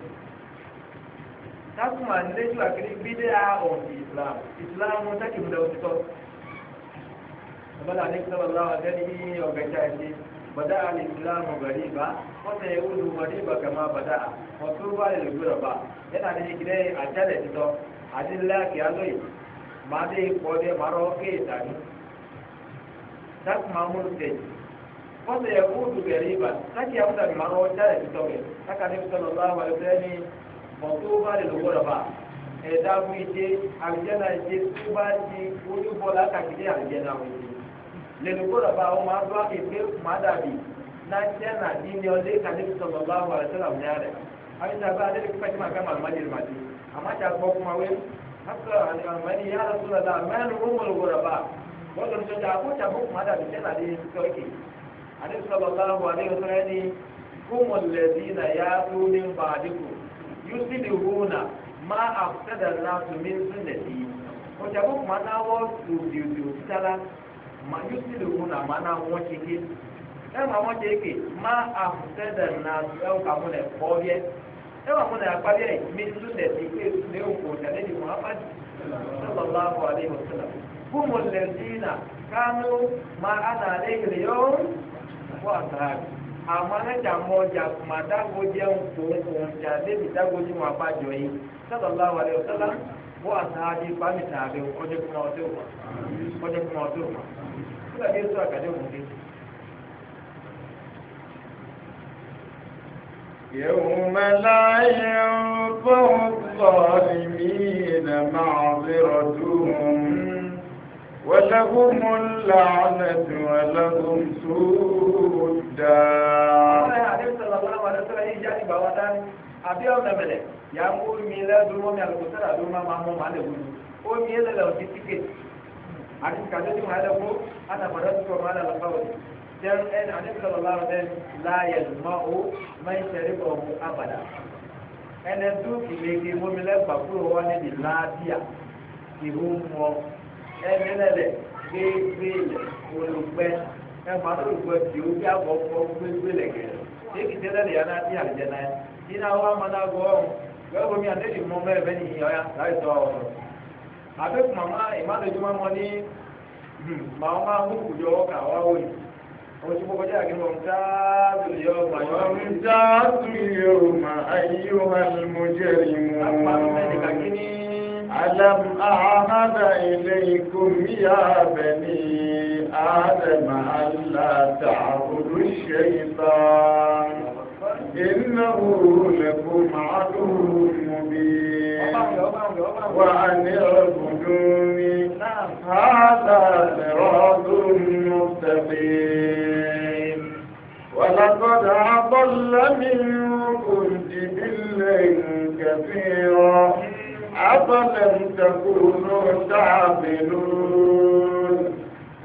S2: takuma nleju akiri bi de a on islam islam taki mu da o ti tọ ẹgbẹ la ne kí sábà lọ àwọn ẹgbẹ ni ọgbẹjà ẹgbẹ. بدا الاسلام غريبا وسيعود غريبا كما بدا وطوبى للغرباء yana da ikire a tale tito adilla ki aloi ma de ko de maro ke tani tak mamul te ko de yahudu gariba tak ya mutan maro tale tito ke tak ani sallallahu alaihi wasallam mawtuba lil ghuraba e da bu ite aljana ite bola ka kide aljana lẹ́nu kódà bá wọn máa dúró àgbè pé má dàbí náà jẹ́ náà ní ní ọdẹ kàdébí sọ̀rọ̀ bá wà lọ́sẹ̀ làwọn yára rẹ̀ àbíjà bá adé kí fẹ́ẹ́ máa gbàmà àlùmájì rẹ̀ màdì àmàjà gbọ́ kuma wé hàkà àlùmájì yára sọ̀rọ̀ dà mẹ́rin ó mọ̀lù wọ̀rọ̀ bá wọ́n lọ sọ jà kó jàpọ̀ má dàbí jẹ́ náà ní tọ́kì adé sọ̀rọ̀ bá wà lé ọ̀sẹ̀ rẹ̀ ní kúmọ̀lẹ́dínà yá tó ma yusi lu kuna ma na mo cheke e ma mo cheke ma a fusede na e ka mo le ko ye e ma mo le akpa ye mi su de ti ke ne o ko ta ne di muhammad sallallahu alaihi wasallam هم الذين كانوا ما أنا عليه اليوم وأصحابي àmọ́nà jà mọ́ ọjà kùmà dágbó jẹun kò ń kò ń jà débi dágbó jẹun àbájọ yìí sọ́dọ̀ láwàlẹ̀ ọ̀sọ́lá fún àtàdé bámi tààbẹ ọjọ kúnra ọdẹ òwà ọjọ kúnra ọdẹ òwà nígbà tí èso àgàdé òwò dé. يوم لا ينفع
S1: الظالمين معذرتهم ولهم اللعنة ولهم سوء
S2: الدار àbí ọ̀nà bẹ̀rẹ̀ yà ń kó mi lẹ́dùn mọ́mi àlùkò sẹ́dà ló máa máa mọ́ màá lè wúlò ó mi yé lẹ́lẹ̀ òsì tíkẹ̀ àti kàdé tí màá lè kó àtàkọ̀dọ́ tó kọ̀ màá lè lọ́kọ̀ òsì jẹ́ ẹni àdébìtọ̀lọ́ láwọn ẹ̀ láàyè mọ́ ó máa ń ṣẹ̀rí bọ̀ ọ̀hún abàdà ẹni tó kìlèkè mọ́mi lẹ́gbà kúrò wọn níbi láàbíà ìhó mọ́ ẹni lẹ́lẹ̀ gbégbé olùgbẹ́ ẹ̀ máa ina wa mana go go mi ande di mo me ni ya dai do e abe kuma ma e ma de juma mo ni hmm, ma ma mu ku jo ka wa wo ni o ti ko ja ki mo ta du yo ma yo mi ta
S1: du yo ma ayyuha al mujrimun amma me ni ka kini alam ahada ilaykum ya bani adam alla ta'budu shaytan إنه لكم عدو مبين وأن اعبدوني هذا صراط مستقيم ولقد أضل منكم جبلا كثيرا أفلم تكونوا تعقلون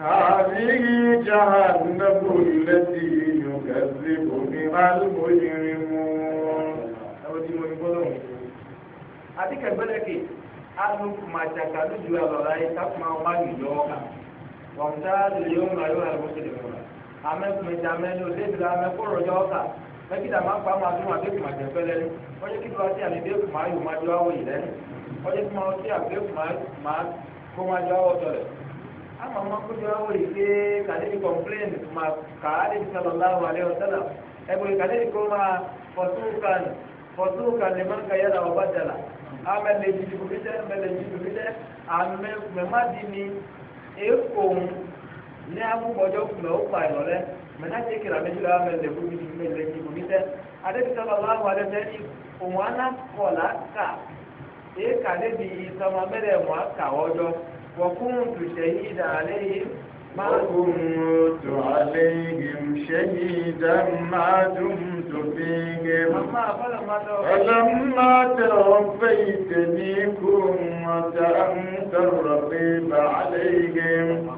S1: هذه جهنم التي يكذب بها المجرمون
S2: àti kẹgbẹ́lẹ́kì anu màjàkà lójú àlọ́lá yìí kápá ọmọ àgbèjọ ọ̀gá wọ̀nta lèyí ọmọ ayọ́ àlọ́ sílẹ̀ fún wa amẹ́kùnrin amẹ́ni òdèdè amẹ́kọ̀rọ̀ yọ ọ̀gá mẹ́kìdá máa ń pa máa dún àdékù màjẹ̀fẹ́ lẹ́nu ọjọ́ kí lọ́ọ́ sí àmì dékù máa yò máa jọ àwòyè lẹ́nu ọjọ́ kí máa sí àbẹ́kù máa kó máa jọ àwọ̀ tọ̀lẹ̀ ama ma ko jɔ awo yi pe kale complain ma kaale ni sallallahu alayhi wa sallam ɛgbɛ kale ni ko ma fɔtukan fɔtukan le man ka yala o ba da la ame le dzidugu bi tɛ ame le dzidugu bi tɛ ame mɛ ma di ni ekoŋ ne amubɔdzɔ kume o kpa ɛlɔ lɛ mɛ n'a tɛ kele amedzro ame le kubi ni mɛ le dzidugu bi tɛ ale bi sallallahu alayhi wa sallam òun anakɔ la ka eka ne bi sɔmɔ mɛ lɛ وكنت شهيدا عليهم كنت عليهم شهيدا
S1: ما دمت فيهم فلما توفيتني كنت أنت الرقيب عليهم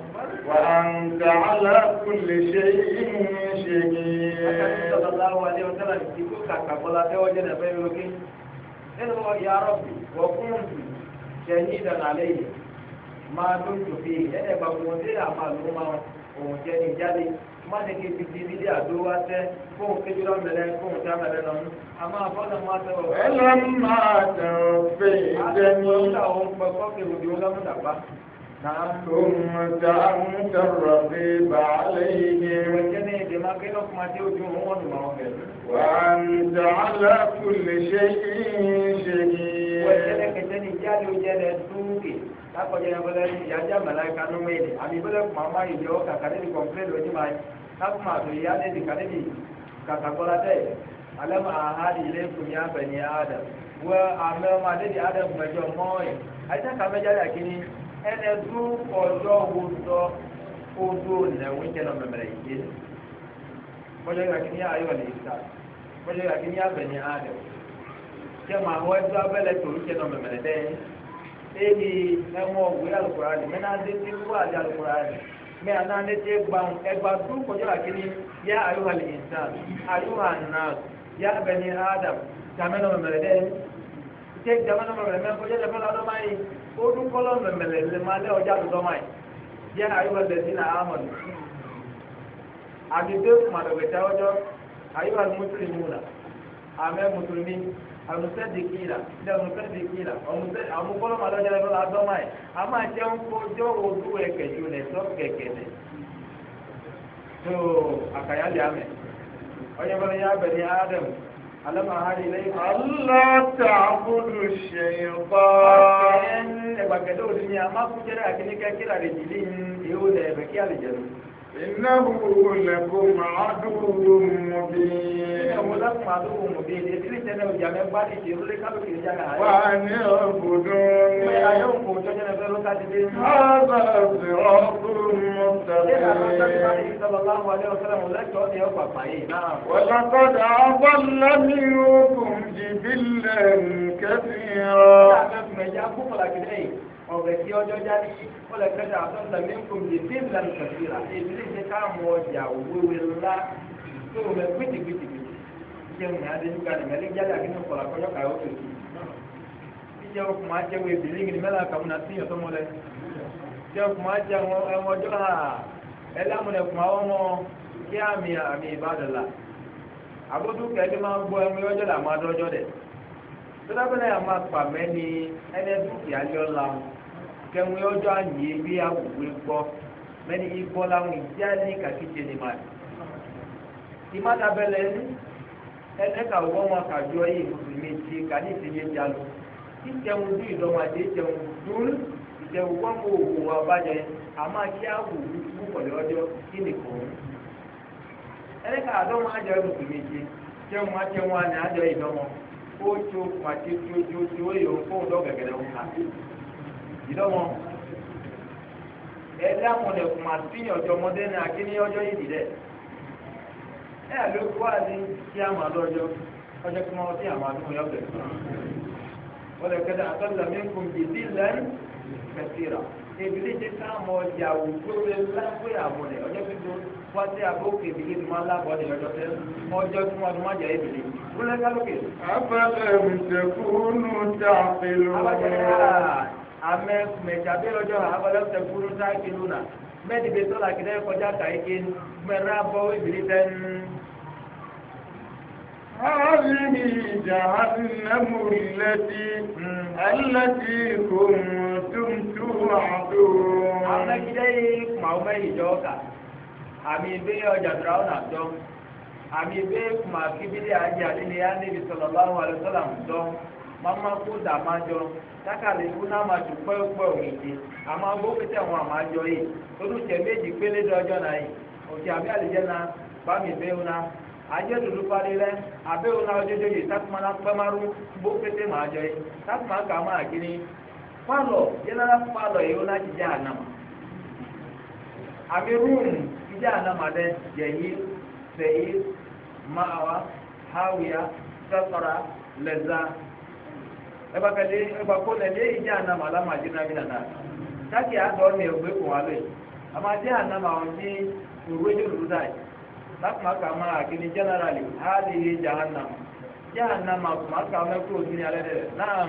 S2: وأنت على كل شيء شهيد. يا ربي وكنت شهيدا عليهم máa lójú fi ẹ̀ẹ́dẹ̀ bá wọn sí àmàlù máa òun jẹ́ ní jáde má ní kí bìtì nílé àdó wá tẹ́ fóun kéjú lọ mẹ́lẹ́ fóun já mẹ́lẹ́ lọ mú a máa fọ́nà máa tẹ ọ̀rọ̀. ẹ lọ máa tàn fè jẹni. àwọn ọ̀gá òun pẹ̀ kọ́kì òdi wọn lọ́mú dàgbà. ثم دعوت الرقيب عليهم وأنت على
S1: كل شيء
S2: شهيد kakɔdze na bɛlɛ yadze amala kanu mɛli ami bɛlɛ kuma ma yi yɔ kaka ne bi kɔnkure do ni ma yi kakuma do ya ne bi kane bi kaka kɔla tɛ ale ma aha di le kun ya bɛ ni ada wɛ ame ma ne di ada kun ɛdzɔ mɔ yi ayisa kame dza yaki ni ɛnɛ du kɔdzɔ wo dɔ o do nɛ o ŋutɛ nɔ mɛmɛrɛ yi yɛ kɔdzɔ yaki ni ayɔ le sa kɔdzɔ yaki ni abɛ ni ada kɛ ma wɔ ɛdzɔ abɛ to o nɔ mɛmɛrɛ dɛ ebi ẹmọ ọgbẹ alukura ni mẹ náà dẹtí wọ àti alukura ni mẹ náà dẹtí ẹgbàun ẹgbàdún kọjá àkíní yá ayúhà lè ṣá ayúhà náà yá abẹni adam jàmẹnà mẹmẹrẹ dẹ ṣé jàmẹnà mẹmẹrẹ mẹ kọjá jàmẹnà ọdọ máa yìí ó dún kọlọ mẹmẹrẹ lè máa lẹ ọjà àdúgbò máa yìí yá ayúhà lè dín náà amọ̀ nù àdìdé màdàgbẹ̀ta ọjọ́ ayúhà mùsùlùmí wùlà àmẹ́ mùsùlùmí alimusadikila ilé alimusadikila amukɔlɔ ma lɔdze lɛ lɔla dɔma yi ama tse ŋkɔ tse wo du ɛkɛdzo nɛ tɔ kɛkɛ nɛ tó akaya di amɛ ɔnyɛ fɛnɛ ya bɛ ni adam alama hali lɛ yi. ala ta kudu sèkpa. ɛgbàgbẹ́ dɔw ti ní a ma kú jẹ́rẹ́ àti ní kẹ́kẹ́ la lè jìlí ní ewu lẹ̀ bẹ́kí àlejò. Ìnáwó lẹ́kọ̀ọ́ àdúgbò mọ̀bí. Ìnáwó lẹ́kọ̀ọ́ àdúgbò mọ̀bí. Ètí ìtẹ́lẹ̀ ọjà mẹ́gbàá ti ṣe orílẹ̀ kábíyèsí ìjà náà. Wà á ní ọ̀gbọ̀dọ̀ ni. Ayé òkú ọjọ́ jẹ́ ẹgbẹ́ ló ká ti dé. Ọ̀gá ọ̀sẹ̀ ọ̀gbọ̀n mọ̀tàlẹ́. Ìyá àwọn ọ̀sẹ̀ ti máa ń sọ lọ́wọ́ àwọn ọ̀lẹ́ ọ̀sẹ̀ lẹ́wọ̀n lẹ́kọ̀ọ́ ni ọ̀pá pàyè náà. Wọ̀lọ́kọ̀dà ọgbà lẹ́mí okùn jìbìlẹ̀ kẹ́sìn rọ. Ìyá àgbẹ̀ fún ẹja kúkọ̀lá kìdẹ́yìn ọ̀rẹ́ tí ọjọ́ jáde ọlẹ́ kẹta àtọ́ta mẹ́kùn lè dé ìlànà kàfíìrà èmi lè ṣe káàmù ọjà òwúwe ńlá tó o mẹ gbìtìgbìtìgbìtì jẹ́ òun adé nígbà ní mẹ́lẹ́ jáde àkínú kọ̀ọ̀lá kọ́jọ́ kàá ó tòṣì ìjẹ́ òkùn máa jẹ́ wo ebìlí ní mẹ́lá kàmú náà tíyàn sọ́mọ lẹ ìjẹ́ òkùn máa jẹ́ ẹwọn ọjọ́ hà ẹlẹ́mùnẹ̀kùn àwọn ọmọ kí àmì àmì ìbàdàn la àbójúkẹ́ ẹni máa ń gbọ́ ẹmu ọjọ́ làmú adọ́jọ́ dẹ̀ tọ́lábẹ́lẹ́ yà máa fà mẹ́ni ẹni dúkìá yọ làwọn kẹ́hìn ọjọ́ àyè bí awùwé gbọ́ mẹ́ni igbọ́ làwọn ìdíyà ní kàkíjẹ ní màdì. ìmádàbẹ́lẹ́ ní ẹni ká wọ́n wọn kàjọ yìí mùsùlùmí ti kà ní ìsinmi ẹja lọ. ìjẹun dún ìdọ́mọdé ìjẹun dún ìjẹun wọn kò wò wọn bàjẹ́ àmọ́ kí awùwé kúkọ̀lẹ́ ọjọ́ kí nìkan. ẹni ká àdọ́mọ àjọ mùsùlùmí ti jẹun àjẹun àná àjọ kótó kpàtí tsojú tí ó yẹ kó dọ́ gẹ̀gẹ̀ lẹ́wọ́ ká ìdọ́mọ ẹ̀dá mọ̀lẹ̀ kùmà sí ọjọ́ mọ́dé ní akíní ọjọ́ yìí dì dẹ́ ẹ̀ ló kó àdé kí a máa lọ́jọ́ ọjọ́ kí wọ́n ti àwọn àdúgbò yọ bẹ̀rẹ̀ fún un wọ́n ń kun ká ọjà ọjọ́ fati agogo ebile ni ma labọ de lọdọ tẹ ọjọ tí wọn ma jẹ ebile wúlẹ kálókè. abẹ́rẹ́ mi
S1: tẹ kúrú tà pẹ̀lú. abajẹ́
S2: amẹ mẹjàbí lọ́jọ́ abẹ́rẹ́ mi tẹ kúrú tà pẹ̀lú nà mẹ́ni bẹ sọ́la kìlẹ̀ kọjá kàyíké mẹ́rẹ́ abọ́ ebile tẹ́ ń.
S1: هذه جهنم التي
S2: التي كنتم توعدون. àmì ìbé ọjà fìràwọn àjọ àmì ìbé kùmà kíbílì àjẹ àdínlẹ̀ yá níbi sọ̀rọ̀ láwọn àlùsọ̀là ń jọ mama kú dàmá jọ tákàlẹ̀ kú náà máa tún pẹ́ẹ́pẹ́ òun ìdí àmọ́ agbókítẹ̀ wọn àmà jọ yìí tónú tẹ̀ méjì pélé dọ́jọ́ náà yìí òkè àbí àlejẹ́ náà bámi ìbé wọn náà parí rẹ wọn náà ọjọ́jọ́ yìí náà pẹ́ máa jọ yìí kà máa pálọ̀ yẹn náà pálọ̀ yìí wọn náà ti jẹ́ àná àmì jahannama dɛ yɛyi sɛyi ma'awa hawiya sɛtɔra lɛza ɛgba kɛlɛ ɛgba ko lɛ lɛyi jahannama la ma na bi nana taki a dɔ nɛ ogbe kun wa lɛ ama jahannama o ni owe jolulu da yi lakuma kama akini generally hali jahannama jahannama kuma kama kuro ni alɛ dɛ naam.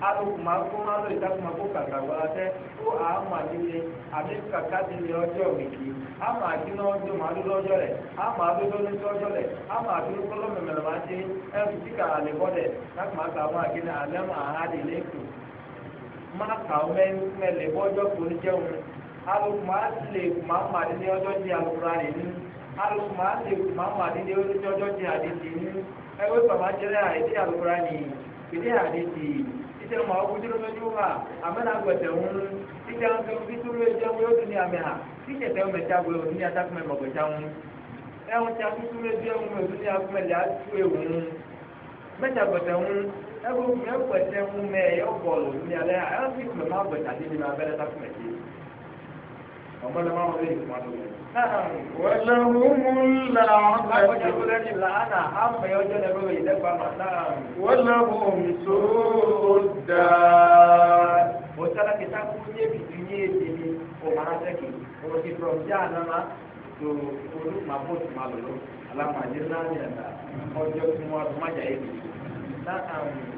S2: alukuma kuma alo itakuma ko kaka wala tɛ ko ama di le ami kaka di ama di na ɔjɔ ma do lɔjɔ lɛ ama do lɛ ama do kɔlɔ mɛmɛlɛ ma ti ɛfu ti ka ale bɔ dɛ n'akuma ka na ale ma aha di le ku ma ka mɛ mɛ bɔ ɔjɔ ko ni jɛun alukuma le kuma ma di le ɔjɔ di alukura le ni alukuma ma di ite ma wo kudiro me juma amena gwete un ite anke vituru e jamu yo dunia me ha ite te me chagu yo dunia ta kuma mo gwe chamu e un cha vituru e jamu yo dunia kuma la tu e un me cha gwete un e bo me gwete un me yo bolu dunia le ha e si kuma ma gwete ati ni ma bele ta kuma ti ولهم اللعنة ولهم سوء الدار وترى كتاب في الدنيا دي ومعاتك وفي فرنجانا to olu ma bɔ tuma lolo ala ma yirina yɛrɛ la ɔjɔ kuma tuma jɛ e bi.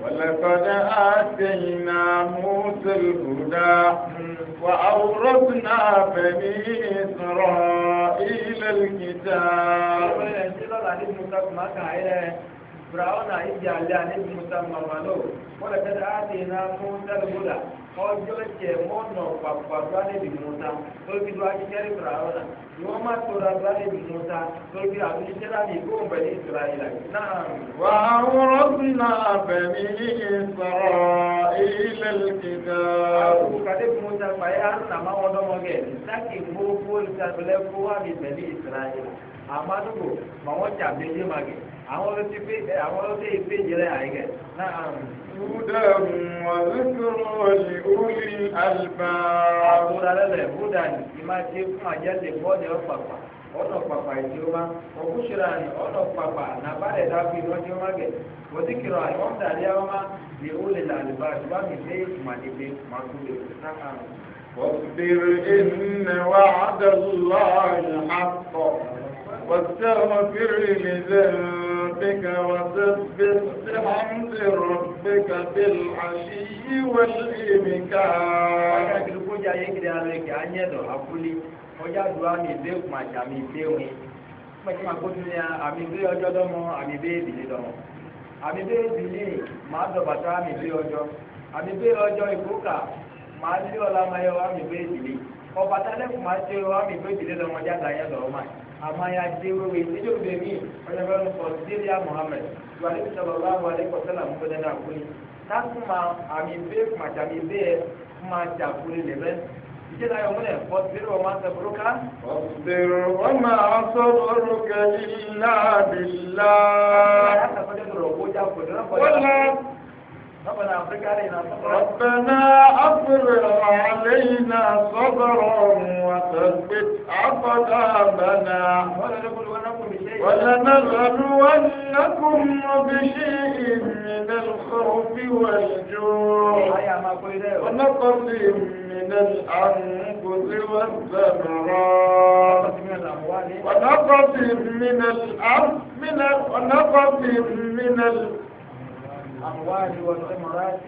S2: ولقد
S1: آتينا موسى الهدى
S2: وأورثنا بني إسرائيل الكتاب فرعون ìjà alẹ́ àníbi musa mamalo wọ́n lè fẹ́ẹ́ àti iná musa lóla ọjọ́ ìjẹ́ mọ́nà pàpàdó àníbi musa lórí ló akíkẹ́rì fìràwọ́nà ni wọ́n máa tóra lọ àníbi musa lórí àtúnṣe jẹ́ra ní ìgbóhùn pẹ̀lú ìsirayìlà náà. wà á wúrọ́ sí náà bẹ̀mí ìsọ̀rọ̀ ilé kìkà. àwọn kàdé musa pàyẹ́ àrùn àmọ́ wọn dọ́mọ́gẹ̀ láti gbogbo ìsàbẹ̀lẹ̀ fún àmì pẹ̀lú ìsirayìlà àmọ́ àdúgbò màwọn jà àwọn ló ti pé àwọn ló ti pé jẹrẹ àyíkẹ. Buda um, wàlúkúrò ní orí àlùbá. Àbúrò alẹ́lẹ̀ Buda ní ìmájẹ fún àjẹsẹ̀ bọ́ọ̀dì ọ̀pàpà ọ̀nà pàpà ìdíwọ́má ọ̀kúṣìrà ní ọ̀nà pàpà nàbàlẹ̀ dábì lọ́jọ́ mágẹ̀ wọ́díkìrọ̀ àwọn dàrí ọmọ lè ó lè làlùbá ṣùgbọ́n mi lé màdìbí màkúlẹ̀ náà. واصبر إن وعد الله حق
S1: واستغفر ربك وسبح بحمد
S2: ربك بالعشي والإمكان kódà yé kiri alẹ kì á nyẹ dọ̀ abúlé ọjà do àmì ìdè kùn àti àmì ìdè wìn pẹ̀lú àgbo tó ní àmì ìdè ọjọ́ dọ́mọ àmì ìdè ìdílé dọ́mọ àmì ìdè ìdílé màá dọ̀ bàtà àmì ìdè ọjọ́ àmì ìdè ọjọ́ ìkókà màá lé ọ̀la máa yọ àmì ìdè ìdílé ọ̀bàtà lẹ́kùn máa ṣe amma ya je wuri ne da da mi wala ba mu fadil ya muhammad wa alaihi sallallahu alaihi wasallam ko da na kuni ta kuma ami be kuma ta mi be kuma ta kuni ne be ije da yo mune fadil wa ma sabruka fadil wa ma sabruka illa billah wala ربنا أفرغ علينا صبرا وثبت أقدامنا ولنبلونكم
S1: بشيء من الخوف والجوع إيه، ونقص من الأنفس والثمرات ونقص من الأرض ونقص من الأرض
S2: الأموال والثمرات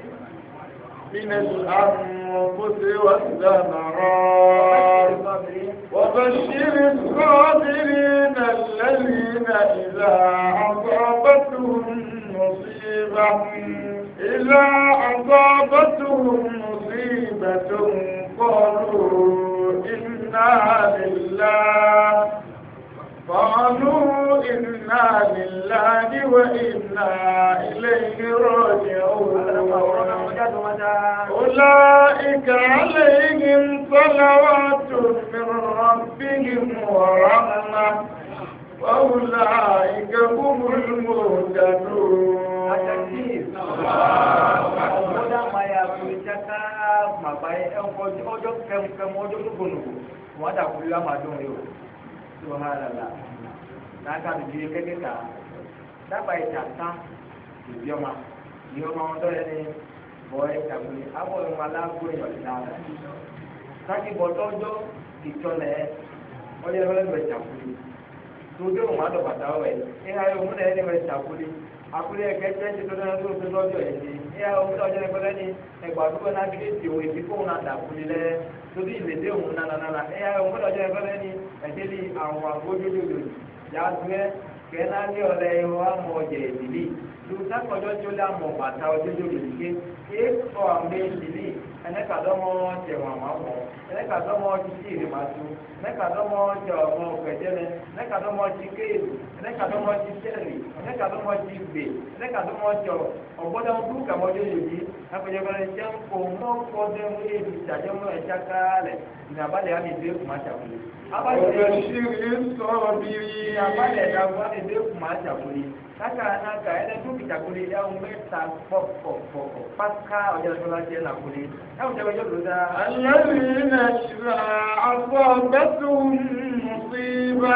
S2: من الأنفس والثمرات وبشر الصابرين
S1: الذين إذا أصابتهم مصيبة إذا أصابتهم مصيبة قالوا إنا لله قالوا إنا لله وإنا إليه
S2: راجعون أولئك
S1: عليهم صلوات من ربهم ورحمة وأولئك هم المهتدون
S2: Ọjọ́ kẹmukẹmu ọjọ́ tó gbòǹgbò, wọ́n dàkúrú àmàdùn rẹ̀ o subhanallah n'aka bìbí kékeré dábàá ìjà tán ìbí ọmọ ní ọmọ ọ̀dọ̀ yẹn ni bọ ẹja pé abọ ìwọn aláàbò èèyàn ti dára sáàkì bọ tọjọ ìtọlẹ ọyẹ ọlẹgbẹ ìjà pé tòjọ òun adọbàtà ọwẹ ìhà ìhòmùnà ẹni wẹ ìjà pé àkúrẹ́ ẹ̀kẹ́ tí wọ́n ti tọ́jú ẹni tó fi lọ́jọ́ yìí ti ní ọmọ tí ọjọ́ ẹgbẹ́ lẹ́ni ẹgbà àdúgbò náà fi ti òwe tí fóun náà dàkúni lẹ́ torí ìlédè òun nana nana ẹ ọmọ tí ọjọ́ ẹgbẹ́ lẹ́ni ẹ̀jẹ̀ lè àwọn agbójúlódò yàtúwẹ́ kẹ́ná ní ọ̀lẹ́ ìwọ́ àmọ̀ ọ̀jẹ̀ ìdílé lùtàkọ̀jọ́ tí ó lé àmọ̀ bàtà ọjọ́ enekadɔmɔ tse mamawɔ enekadɔmɔ tsitsi rematu enekadɔmɔ tse ɔmɔ kɛtɛlɛ enekadɔmɔ tsi keelu enekadɔmɔ tsi tɛli enekadɔmɔ tsi gbe enekadɔmɔ tse ɔgbɔdɔmɔ kú kamɔdzo yevi akɔnyɛfɛlɛ tse ŋkɔ mɔkɔ ɖe ŋu yevi tsadze mɔ etsaka lɛ naba le ami do ekuma tsakuli. abalẹ̀ ɛdí sɔrɔ bi. naba le naba le do ekuma tsakuli. الذين
S1: أصابتهم مصيبة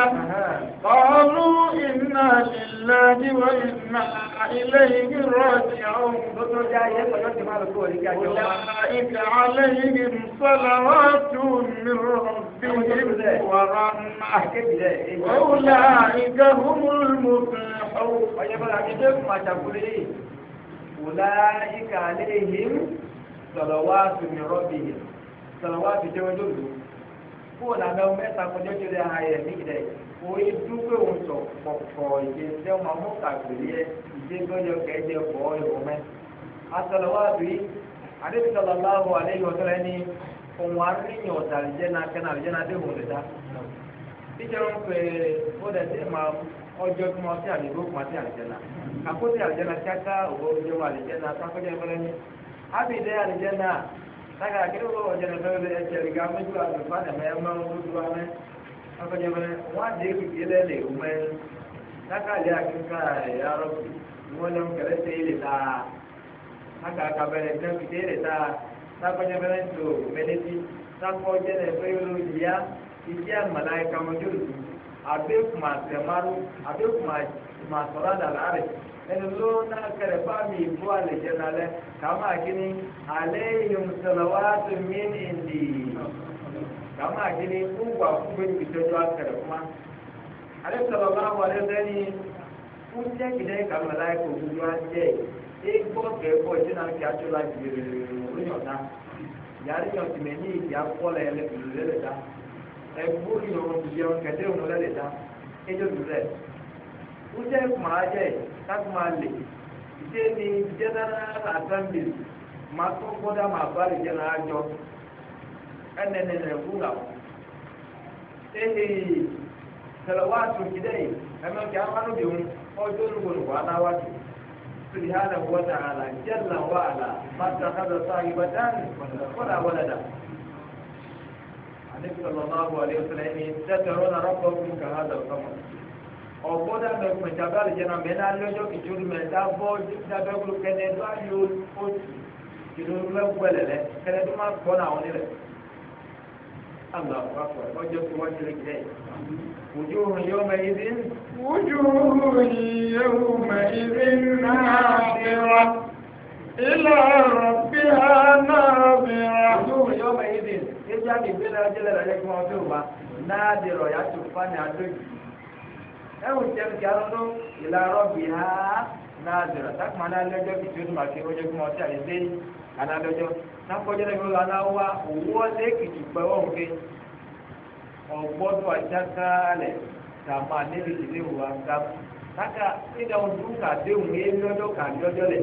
S1: قالوا إنا لله وإنا إليه راجعون أولئك عليهم صلوات من ربهم ورحمة أولئك هم المفلحون
S2: ọ̀yẹ́bọ̀ àti jésù eyi yìí wùlá ìkà àléhìn sọ̀lọ̀wá tùmí rọ́bì yìí sọ̀lọ̀wá ti jẹ́ ọjọ́ òdu kó na làbẹ́ ọmọ tó lè ha yẹ̀ nígbẹ̀dẹ̀ oye dúpẹ́ òun sọ pọ̀pọ̀ ìdè tẹ́ ọmọ mú kàkiri yẹ ìdè gbọ́dọ̀ pọ̀ mẹ́. yìí òun ọjọ́ tí wọ́n ti àdìgbò kuma ti àlìjẹ́nà àkóso àlìjẹ́nà kíákà òwò ọjọ́ wà àlìjẹ́nà sáfẹ́jẹ́ fẹ́rẹ́ ní ábìdẹ́ àlìjẹ́nà sága àkérè wọ́n ọ̀jẹ̀nà fẹ́rẹ́ ẹ̀jẹ̀ rìgá méjì wà lùfà nàmẹ́ ẹ̀mọ́ lójú wa mẹ́ sáfẹ́jẹ́ fẹ́rẹ́ wọ́n adé kìkì lẹ́ lè wọ́mẹ́ sága àlẹ́ àkínká ẹ̀yàrọ̀ kù wọ́n lẹ́nu kẹlẹ́ tẹ́ ilé ta sága àkàbẹ̀rẹ̀ tẹ́ kìtẹ́ ilé ta sáfẹ́jẹ́ fẹ́rẹ́ tó mẹ́lẹ́tì sáfọ́ ọjẹ́nà abe kuma semaru abe kuma kuma sɔrɔ da laare ɛni lo na kɛrɛ ba mi fo ale jɛ na lɛ kama kini ale yi musalawa tu mini ndi kama kini kugba kube kutɛ do a kɛrɛ kuma ale sɔrɔ ba wɔ ale fɛ ni kutɛ kutɛ kama la yi ko kudu a jɛ egbɔ kɛ bɔ jina kia tso la gbèrè o nyɔ ta yari nyɔ tɛmɛ ni ìdí akɔ lɛ lɛ lɛ ta ẹ̀gbọ́n ìrọ̀rùn bìlíọ̀n kẹ̀dẹ́ òun lẹ́lẹ̀ dá ẹjọ́ dùrẹ́ wúdẹ́ máa jẹ́ káàkiri máa lè ṣé ni general assembly máa tó gbọ́dá máa bá lè jẹ́ra àjọ ẹnẹ́nẹ́ rẹ̀ fún wa ehe tẹlẹwà tuntun dẹ́yìn ẹ̀mẹ́kẹ́ amánúbì ń ọjọ́ olùkọ́ni wà náwájú subhanahu wa ta'ala jalla wa ala ma ta hada sahibatan wala walada anabi sallallahu alayhi wa sallam ẹni tẹtẹrọ náà rọpò fún kàhá dọkọ mọ ọgbọdọ mẹ pẹtàbí alìjẹnà mẹ náà lọjọ kìjọdún mẹ dábọ dábẹkulu kẹne lọ ayé oṣù kìlódún mẹ gbẹlẹ lẹ tó má gbọ náà wọn lẹ alahu akbar ọjọ tó wọn jẹrẹ jẹ ojú òun yóò mẹ ibi.
S1: ojú òun yóò mẹ ibi náà ti rọ
S2: ilé ọ̀rọ̀ bí a náà bẹ̀rẹ̀. ojú òun yóò mẹ ibi ebi a kebe na ɔdze lɛ la yɛ kuma ɔfi wa n'adi rɔ ya tso fa ni ado yi ɛwù tɛ kí alɔnu ìlà rɔbì ha n'adi rɔ takuma n'alɛ ɔdze fi tso nu ma ke ɔdze kuma ɔfi ayi dé anadɔ ɔdze n'akɔdze lɛ kɔlɔ anawa owu ɔdze kìtì kpɛ wɔn ke ɔgbɔdo atsaka lɛ kama n'ebi ti ne wu aka taka ɛdá ɔdu k'ade wu n'ebi ɔdɔ k'adi ɔdɔ lɛ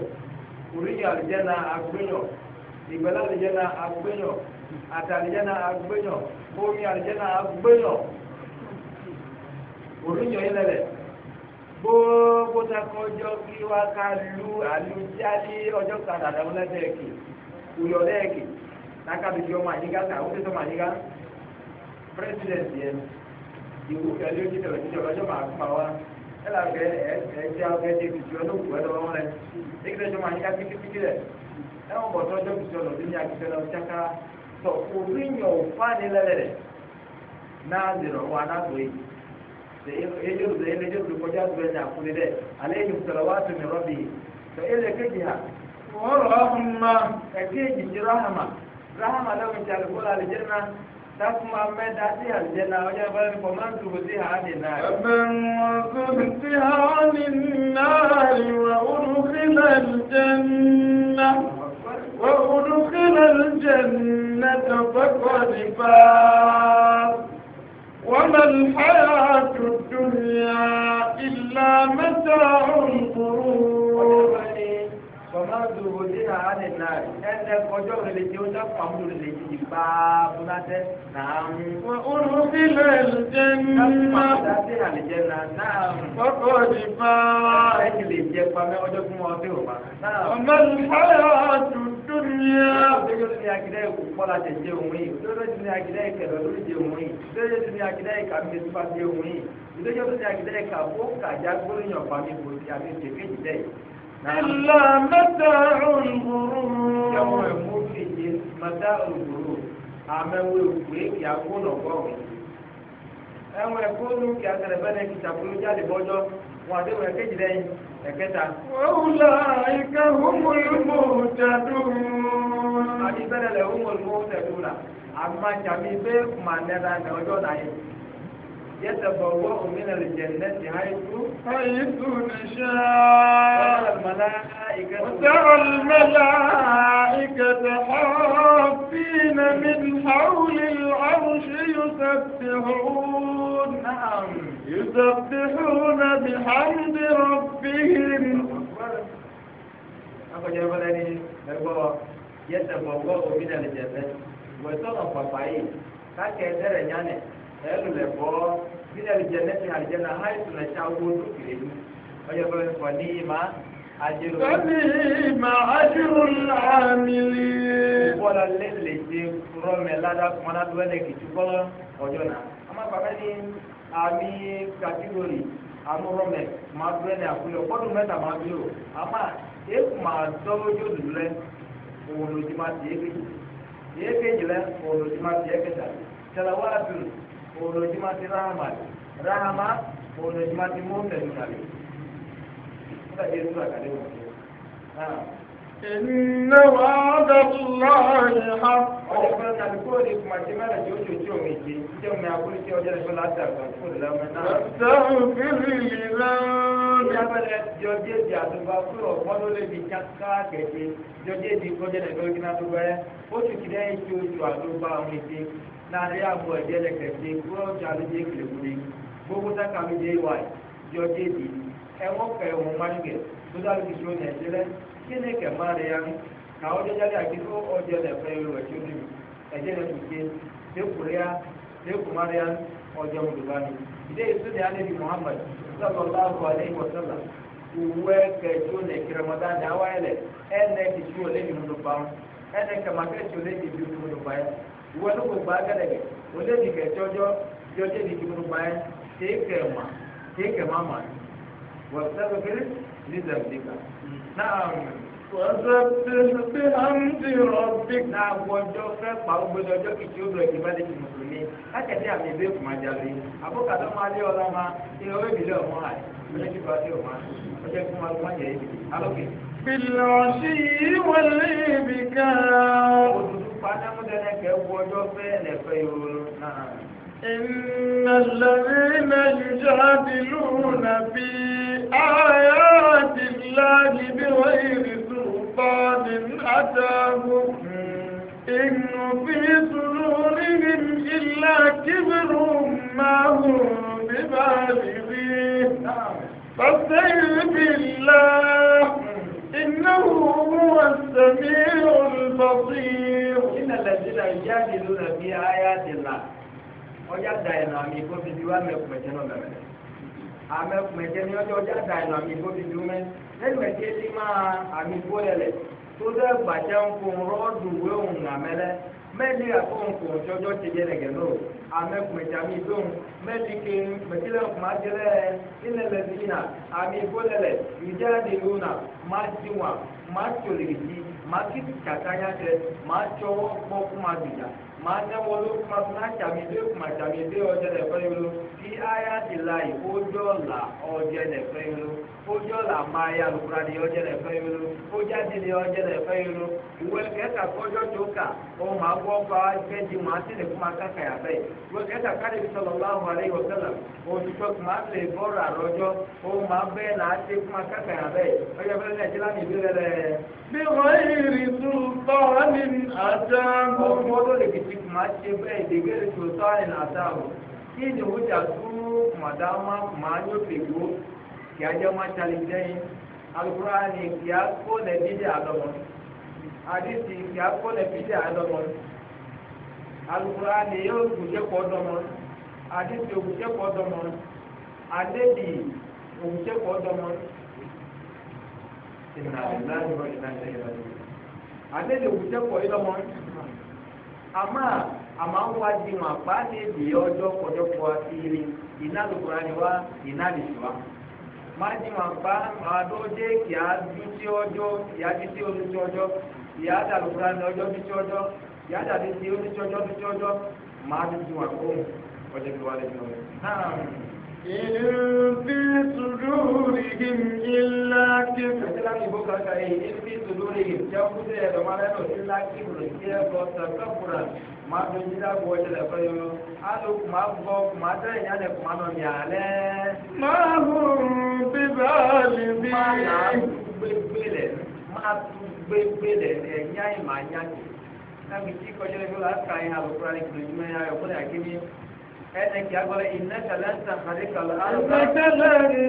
S2: orí yàrá jẹ́ ìgbẹ́lá àlìjẹ́nà agbẹ́yàn àti àlìjẹ́nà agbẹ́yàn bómi àlìjẹ́nà agbẹ́yàn òrùnyàn yẹn lẹ́lẹ̀ gbogbo takọ̀ ọjọ́ kí wá ká lu àlùjáde ọjọ́ kan àdàmú lẹ́tẹ̀ẹ̀kì ìyọ̀ lẹ́ẹ̀kì lákàbíyí ọmọ àyíká tà ó tẹ́tọ́ ọmọ àyíká pírẹ́sidẹ̀ntì yẹn ìwúkẹ́ lójú tẹ̀lé ɛla kɛ ɛtia kɛ ɛdi kutu ɛlɛ owu ɛlɛ wɔn lɛ ekele tsɔ ma anyi ka pikipiki lɛ ɛwɔ bɔtɔ tsɔ kutu ɔlɔ bi nya kutu ɛlɛ tsaka tɔ obi nyɔ ofa ni lɛ lɛ na zero wa na do yi tɛ edzo do ele edzo do kɔdza do ɛna kuli dɛ ale yi kutu wa to mi rɔbi tɔ ele kedzi ha فمن
S1: تبتها عن النار وأدخل الجنة وأدخل الجنة فقد فاز وما الحياة الدنيا
S2: إلا متاع الغرور ardu rodina ale nari ɛnɛ kɔjɔ lele tse o ta famu lele tse di baa bula tɛ naamu. wa olu fi lɛ lɛnna. kasi ma ta se alijɛ na naamu. kɔkɔ di baa. ɛ ti le jɛ pamɛ ɔjɔ fún wa ɔtí o ma. naamu. ɔmɛ lupaya tutu miya. ɔjɔ tuni akidɛ kò kɔla tɛ tse òun ye ɔjɔ tuni akidɛ kɛlɛ lórí tse òun ye ɔjɔ tuni akidɛ kàmi tuba tse òun ye ɔjɔ tuni akidɛ kà fó kàdza gbólóyìn ọ̀pá mi kò tsi إلا
S1: متاع
S2: الغرور يوم المفيد متاع الغرور àmọ́ wo ìwé kí a kó lọ gbọ́ wọn. ẹ̀wọ̀n ẹ̀kọ́ ló kí a tẹ̀lé bẹ́ẹ̀ kí ìṣàkóso jáde bọ́jọ́ wọn àti ìwé kejì lẹ́yìn ẹ̀kẹta. wàhùlà ìka humulmọ tẹdùn. àti bẹ́ẹ̀ يتبوأ من الجنة حيث
S1: حيث نشاء
S2: الملائكة وترى الملائكة حافين من
S1: حول العرش يسبحون نعم يسبحون بحمد ربهم
S2: أخرج الولد يتبوأ من الجنة وترى فطعين ترى جانب ẹlòlẹ̀ bọ́ nílẹ̀ àlìjẹ́nẹ́ ti àlìjẹ́nẹ́ àìsàn ẹ̀ṣẹ̀ àwọn olókìlẹ̀ lu ọjọ́ bẹ́ẹ̀ fọ ní ìmá àjẹrò. sẹ́mi ìmọ̀ àjẹrò làmì. bọ́lá lẹ́lẹ̀ ṣe rọ́mẹ̀ ládàá kọ́mọ́dá tó bẹ́ẹ̀ kìtì kọ́lọ́ ọjọ́ náà. ní àmì kàtígórì máa àkúlẹ̀ ọ̀pọ̀dún mẹ́ta máa bí o èkó máa òun ti máa ti olùdíjúmọ́ ti ráhàmà ráhàmà olùdíjúmọ́ ti mú tẹ̀lé kalẹ̀ nígbà tí èso àkàlẹ́ wọ̀ Inna wa adallahi haqq. Ọ̀rọ̀ fẹ́ kàbí kó o lè kùmà sí mẹ́rẹ̀ tí ó ṣe tí omi ṣe, tí omi àkúrí tí ọjọ́ ìfẹ́ láti àgbà kó o lè lọ́mọ náà. Ṣé
S1: o fi rí ìlà?
S2: Ìyábẹ̀rẹ̀ jọjé di àdúgbò fún ọ̀pọ̀ ló lè di káàkiri, jọjé di kọjá ìdọ́gbìnà tó bẹ̀rẹ̀, ó ti kìlẹ̀ ètò ìjọ àdúgbò àwọn èdè na de abo ɛdiɛ lɛ kɛse kuro tsi alo de ekele kuli gbogbo ta ka mi de wa yɔ de di ɛwɔ kɛ wɔn ma nigɛ to da lo kisiro nɛ ɛdi lɛ kene kɛ ma de ya mi ka ɔdi ɛdi aki ko ɔdi ɛlɛ fɛ yɔ ɛtsi ɔdi mi ɛdi lɛ tu de kuri de kuma de ya mi ɔdi ɔmu ba mi ide yi sunni alebi muhammad sɔlɔ ba ko ale yi wɔ sɔlɔ owu ɛkɛtso nɛ kiremɔda nɛ awa yɛ lɛ ɛnɛ kitsi olebi mu do ba ɛnɛ ìwọ ló kò gbà gẹdẹgẹ òde nìkẹ jọjọ jọjọ nìkẹ tó gbà yẹn tẹkẹ mà tẹkẹ má mà wọ sábà kiri ní zàmdìkà náà wọ́sẹ̀pẹ̀ bí hàmdi rọ̀bì. náà wọ́jọ́ fẹ́ pa ọgbẹ́ni ọjọ́ kìí tí ó bẹ̀rẹ̀ kìí bá lè fi mùsùlùmí lákẹ́tẹ́ àmì ìbí ìkùmájà lé àbúkàtà máa lé ọlá máa ìhòòhò ìbílẹ̀ ọmọ àyè ọjọ́ kí ọmọ àyè ọjọ́ kí wọ́n máa alókè.
S1: بالعشي
S2: والإبكار
S1: إن الذين يجادلون في آيات الله بغير سلطان أتاهم إن في صدورهم إلا كبر ما هم ببالغيه فاستعذ الله إنه
S2: هو السميع البصير إن الذين يجادلون في آيات الله ọjà da ẹ̀nà àmì kó fi di wá mẹ́kùnmẹ́jẹ́ náà mẹ́rẹ̀ àmẹ́kùnmẹ́jẹ́ ní ọjọ́ ọjà da ẹ̀nà àmì kó fi di wúmẹ́ lẹ́gbẹ̀ẹ́jẹ́ ti máa àmì kó lẹ̀lẹ̀ tó dẹ́ gbàjẹ́ ń kó rọ́ọ̀dù wéhùn àmẹ́lẹ́ mɛli akɔnkɔ tsɔtsɔ ti yɛ lɛ gɛlɛ o ame kume tsami don mɛli ke mɛtile kuma jɛlɛ ilẹ lɛ ti yina ami ko lɛ lɛ idza de do na ma di wa ma tso le di ma ti tata ya tɛ ma tsɔ kpɔ kuma bi dza ma nɛwɔ ló kuma kuma tsami do kuma tsami do ɔjɛ lɛ fɛ yolo ti aya ti la yi ko dɔ la ɔjɛ lɛ fɛ yolo ojú ọ̀la máa ya lùkúra ni ọjọ́ rẹ̀ fẹ́ yọrọ ojú àti ni ọjọ́ rẹ̀ fẹ́ yọrọ ìwé kẹta kọjọ́ tó kà òun máa gbọ́ pa ẹgbẹ́ di máa ti lè fún máa kákà yà bẹ́ẹ̀ ìwé kẹta káde fi sọ̀rọ̀ láwọn ọ̀rẹ́ yìí ọ̀tẹ́lẹ̀ òṣìṣẹ́ kò máa lè bọ́ọ̀rọ̀ àrọ́jọ́ òun máa bẹ́ẹ̀ náà ti fún máa kákà yà bẹ́ẹ̀ ọjọ́ fẹ́lẹ́ nàìjíríà ní ìlú rẹ̀ bí wọ́n yìí rí tún tọ́wọ́ ní àdáàbò kì á jẹ́ ọmọ challenge dẹ́yìn alukurani kì á kó lẹ̀ bídẹ̀ àdọ́mọ́ àdìsí kì á kó lẹ̀ bídẹ̀ àdọ́mọ́ alukurani yóò gùnjẹ́ pọ̀ dọ́mọ́ àdìsí ògùnjẹ́ pọ̀ dọ́mọ́ àdébì ògùnjẹ́ pọ̀ dọ́mọ́ àdébì ògùnjẹ́ pọ̀ dọ́mọ́ àmà àmà ń wá di wọn àpá níbi ọjọ́ kọjọ́ pọ̀ àti ìrìn ìnáàlùkùránì wa ìnáàlùsùwà májìmọ̀ bá àdójé kì á ju sí ọjọ́ kì á ju sí oṣù sí ọjọ́ kì á dà lóko láti ọjọ́ ju sí ọjọ́ kì á dà bí sí oṣù sí ọjọ́ ju sí ọjọ́ máa ju sí wà fún ọjọ́ bí wà lẹ́yìn ọ̀rẹ́.
S1: Ìlúfi
S2: sùdúrìhìm ilá kìbù. Ẹ̀sìn láti ìbò kankan yìí, ìlúfi sùdúrìhìm jẹ́ kúndé ẹ̀dọ̀mọ́lẹ́dọ̀ ilá kìbù rẹ̀ jẹ́ ọ̀sán kọ́kùnrin kuma fi jira bɔ jɛlɛ fɛ yɔ alo kuma bɔ kuma tɛ yan dɛ kuma dɔ mi alɛ. maa
S1: hun bi baali bi. maa na
S2: gbegbe lɛ maa tu gbegbe lɛ ɛ nya yi ma nya yi nami ti kɔjɛ lɛ fɛlɛ aka yi alo kura ni kiri jumɛn ayɔ fo n'a kiri ɛnɛ kì í agbɔlɛ iná kala ń san kari kala. ɛnɛkɛlɛ
S1: ni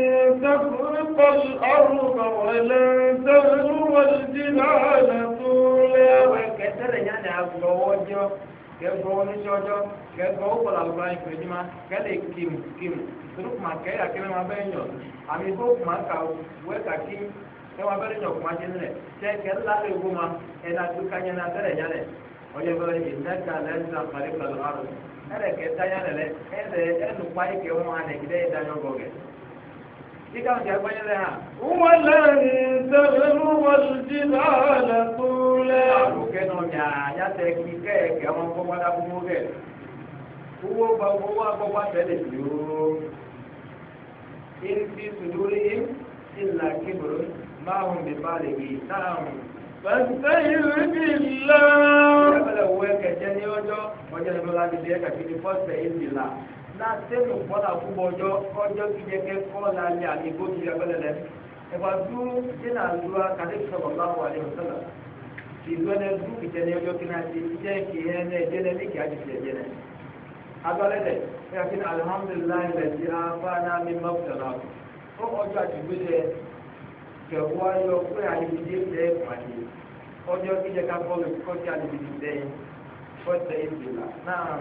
S1: sɛkuru kɔli ɔrùn kɔwɛlɛ sɛkuru wɔli jìnnà lɛ tó lɛ. ɛwɛ kɛtɛrɛ
S2: yanni agbɔwɔjɔ kẹ gbọ ní sọjọ kẹ gbọ ó kọlà lọba yín pẹlú ma kẹ lè kìm kìm tunu kuma kẹ yà kẹlẹ ma bẹ yàn àmì kó kuma kà wẹ kà kẹ ma bẹ yàn kuma nílẹ kẹ ńlá lè wó ma ẹ na tó ka yẹn na tẹlẹ yà lẹ ọjọ bẹrẹ yìí nẹta lẹ ń san pàdé pàdé ọrùn ẹ lẹ kẹ ta yà lẹ lẹ ẹ lẹ yọ bọ kẹ. ولن تبلغ الجبال طولا Owó gba owó wá gbọ́ wá tẹ́lẹ̀ sí ooo. Ìfi sùdúrí ìlà kíbrò máa ń bí bá lè rí táàrùn. Bàtà ìlú ti lọ. Ìyá bẹ̀rẹ̀ owó ẹ̀kẹ́ jẹ́ ní ọjọ́, ọjọ́ ìfọlá ti di ẹ̀kẹ́ kí ni fọ́ọ̀sẹ̀ ìlú ìlà látẹ́lù kọ́là púpọ̀ ọjọ́ ọjọ́ tó yẹ kẹ́ kọ́là lé àmì ìgbóni ìyàgbẹ́lẹ̀ lẹ. ẹ̀fà dúró jẹ́nà àdúrà kàdébí sọ̀rọ̀ láwọ̀ àlẹ́ òṣèlú. ìgbẹ́lẹ̀ dúró ìjẹ́lẹ̀ ọjọ́ kí náà ti jẹ́ kí ẹ̀ ẹ̀ jẹ́lẹ̀ ní kí á ti fi ẹ̀jẹ̀ náà. agbálẹ́lẹ̀ ẹ̀fín alihamudulilayi lẹ̀ ti afáàná mi mọ́kùtàlá. fún ọjọ́ àtìgbélé kẹwàá yọ pé àlejò tẹ pàdé ọjọ́ kíjẹ ká bọ́ọ̀lù kọ́ọ̀tì àlejò tẹ fọ́tẹ̀ ìbìlà náà.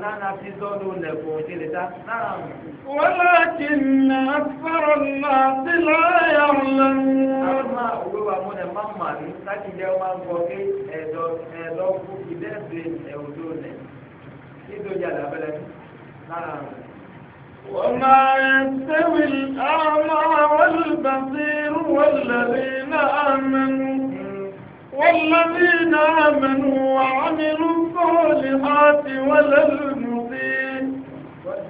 S2: nana ti sọ́dọ̀ lẹ̀kọ́ òjèlè ta náà. wọ́n
S1: láti nà fẹ́rọ̀ náà sí láyà lẹ́nu. àwọn
S2: máa òwe wa mú ẹ máa mà ní láti jẹ́ máa ń gbọ́ pé ẹ̀dọ̀ ẹ̀dọ̀ fún ìdẹ́sẹ̀ ẹ̀wùdó nẹ̀. nítorí àdàbẹ̀lẹ̀ náà. وما
S1: يستوي الأعمى والبصير والذين آمنوا
S2: والذين
S1: آمنوا وعملوا الصالحات ولا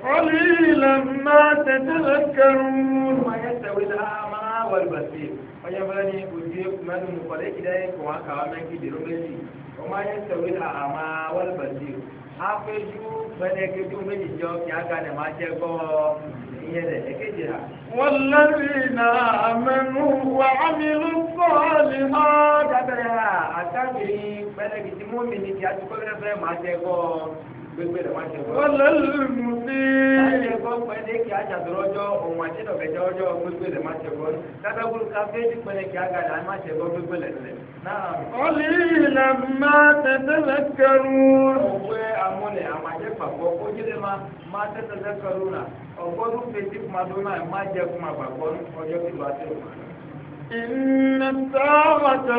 S2: قليلا ما تتذكرون
S1: يستوي الأعمى
S2: والبصير ويبني وجيب من مقلق ذلك وكامل كبير وما يستوي الأعمى والبصير afeju fẹnẹkeju méjì jọ kí agadẹ máa jẹ gbọ ìyẹn lẹ ẹkẹjì rà. wọn
S1: lẹ́rìí na
S2: àmẹnu wà á mi ló sọ̀ọ́lì hàn. dábẹ́rẹ́ àtàkùn yìí fẹnẹkeju mọ́mí ni kí atukọ̀ fẹ́rẹ́ máa jẹ gbọ́. Ọlọ́lùmù
S1: sí. Láyé ẹ̀kọ́
S2: pẹ̀lẹ́ kí ajàdúró ọjọ́ òun àti ìdọ̀gẹ̀jẹ̀ ọjọ́ gbégbé lẹ̀ máa ṣẹ̀kọ́. Dádágúrú káfé ní pẹ̀lẹ́ kí agàdà máa ṣẹ̀kọ́ gbégbé lẹ̀ lẹ̀. Ọlí ilẹ̀ máa
S1: tẹ̀tẹ̀lẹ̀ kẹrù.
S2: Òwe amúlẹ̀ àmàjẹ́ pàpọ̀ kó jíde máa máa tẹ̀tẹ̀lẹ̀ kẹrù náà. Ọgọ́dún fèsì kumadúnà máa jẹ́ kumagbàgbọ́ ọjọ́ kìlọ̀ àti ìmọ̀.
S1: Ìnnà sáwàtà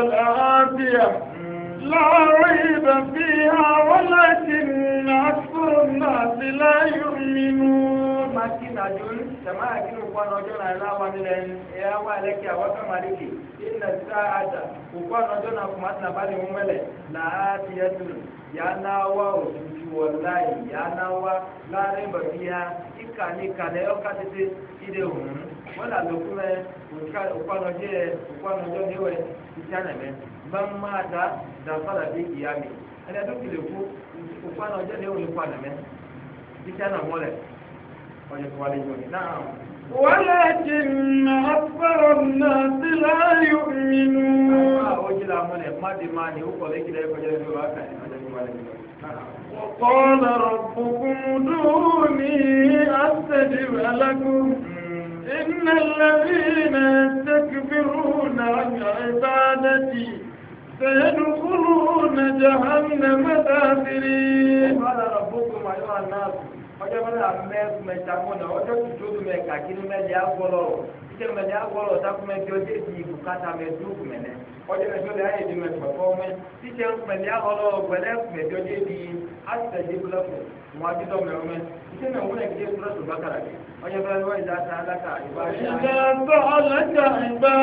S1: لا ريب فيها ولكن أكثر الناس لا
S2: يؤمنون makin ajul jama'a kin ko no jona la wa ni len ya wa le ki awa ka maliki inna sa'ata ko ko no jona ko mat na bali mu mele la atiyatu ya na wa o ju wallahi ya na wa la re ba biya ika ni ka le o ka tete ide o wala lo ku me ko ka ko no je ko no jo ni we ti chana me man mata da fara bi kiyami ana duk le ku ku fana je le woni fana me bitana mole o je wali joni na'am
S1: ولكن أكثر الناس لا يؤمنون
S2: وقال
S1: ربكم ادعوني أستجب لكم إن الذين يستكبرون عن عبادتي سيدخلون جهنم داخرين
S2: قال ربكم أيها الناس ọjọ́ mẹ́ta mẹ́ta mẹ́ta mọ́nà ọjọ́ tuntun mẹ́ta na mẹ́lẹ̀ agbọ́rọ̀ ìjẹ́ mẹ́lẹ̀ agbọ́rọ̀ sákúmẹ́tì ọjọ́ èdè ìbùkátà mẹ́tò mẹ́lẹ̀ ọjọ́ mẹ́tò lẹ́yìn ayé di mẹ́tò fọ́ mẹ́ títẹ̀ mẹ́lẹ̀ agbọ́rọ̀ gbẹ́lẹ́ mẹ́tò ọjọ́ èdè àtẹ̀jẹ́ búlọ́fù wọn adídọ́ mẹ́wọ́
S3: mẹ́ ìjẹ́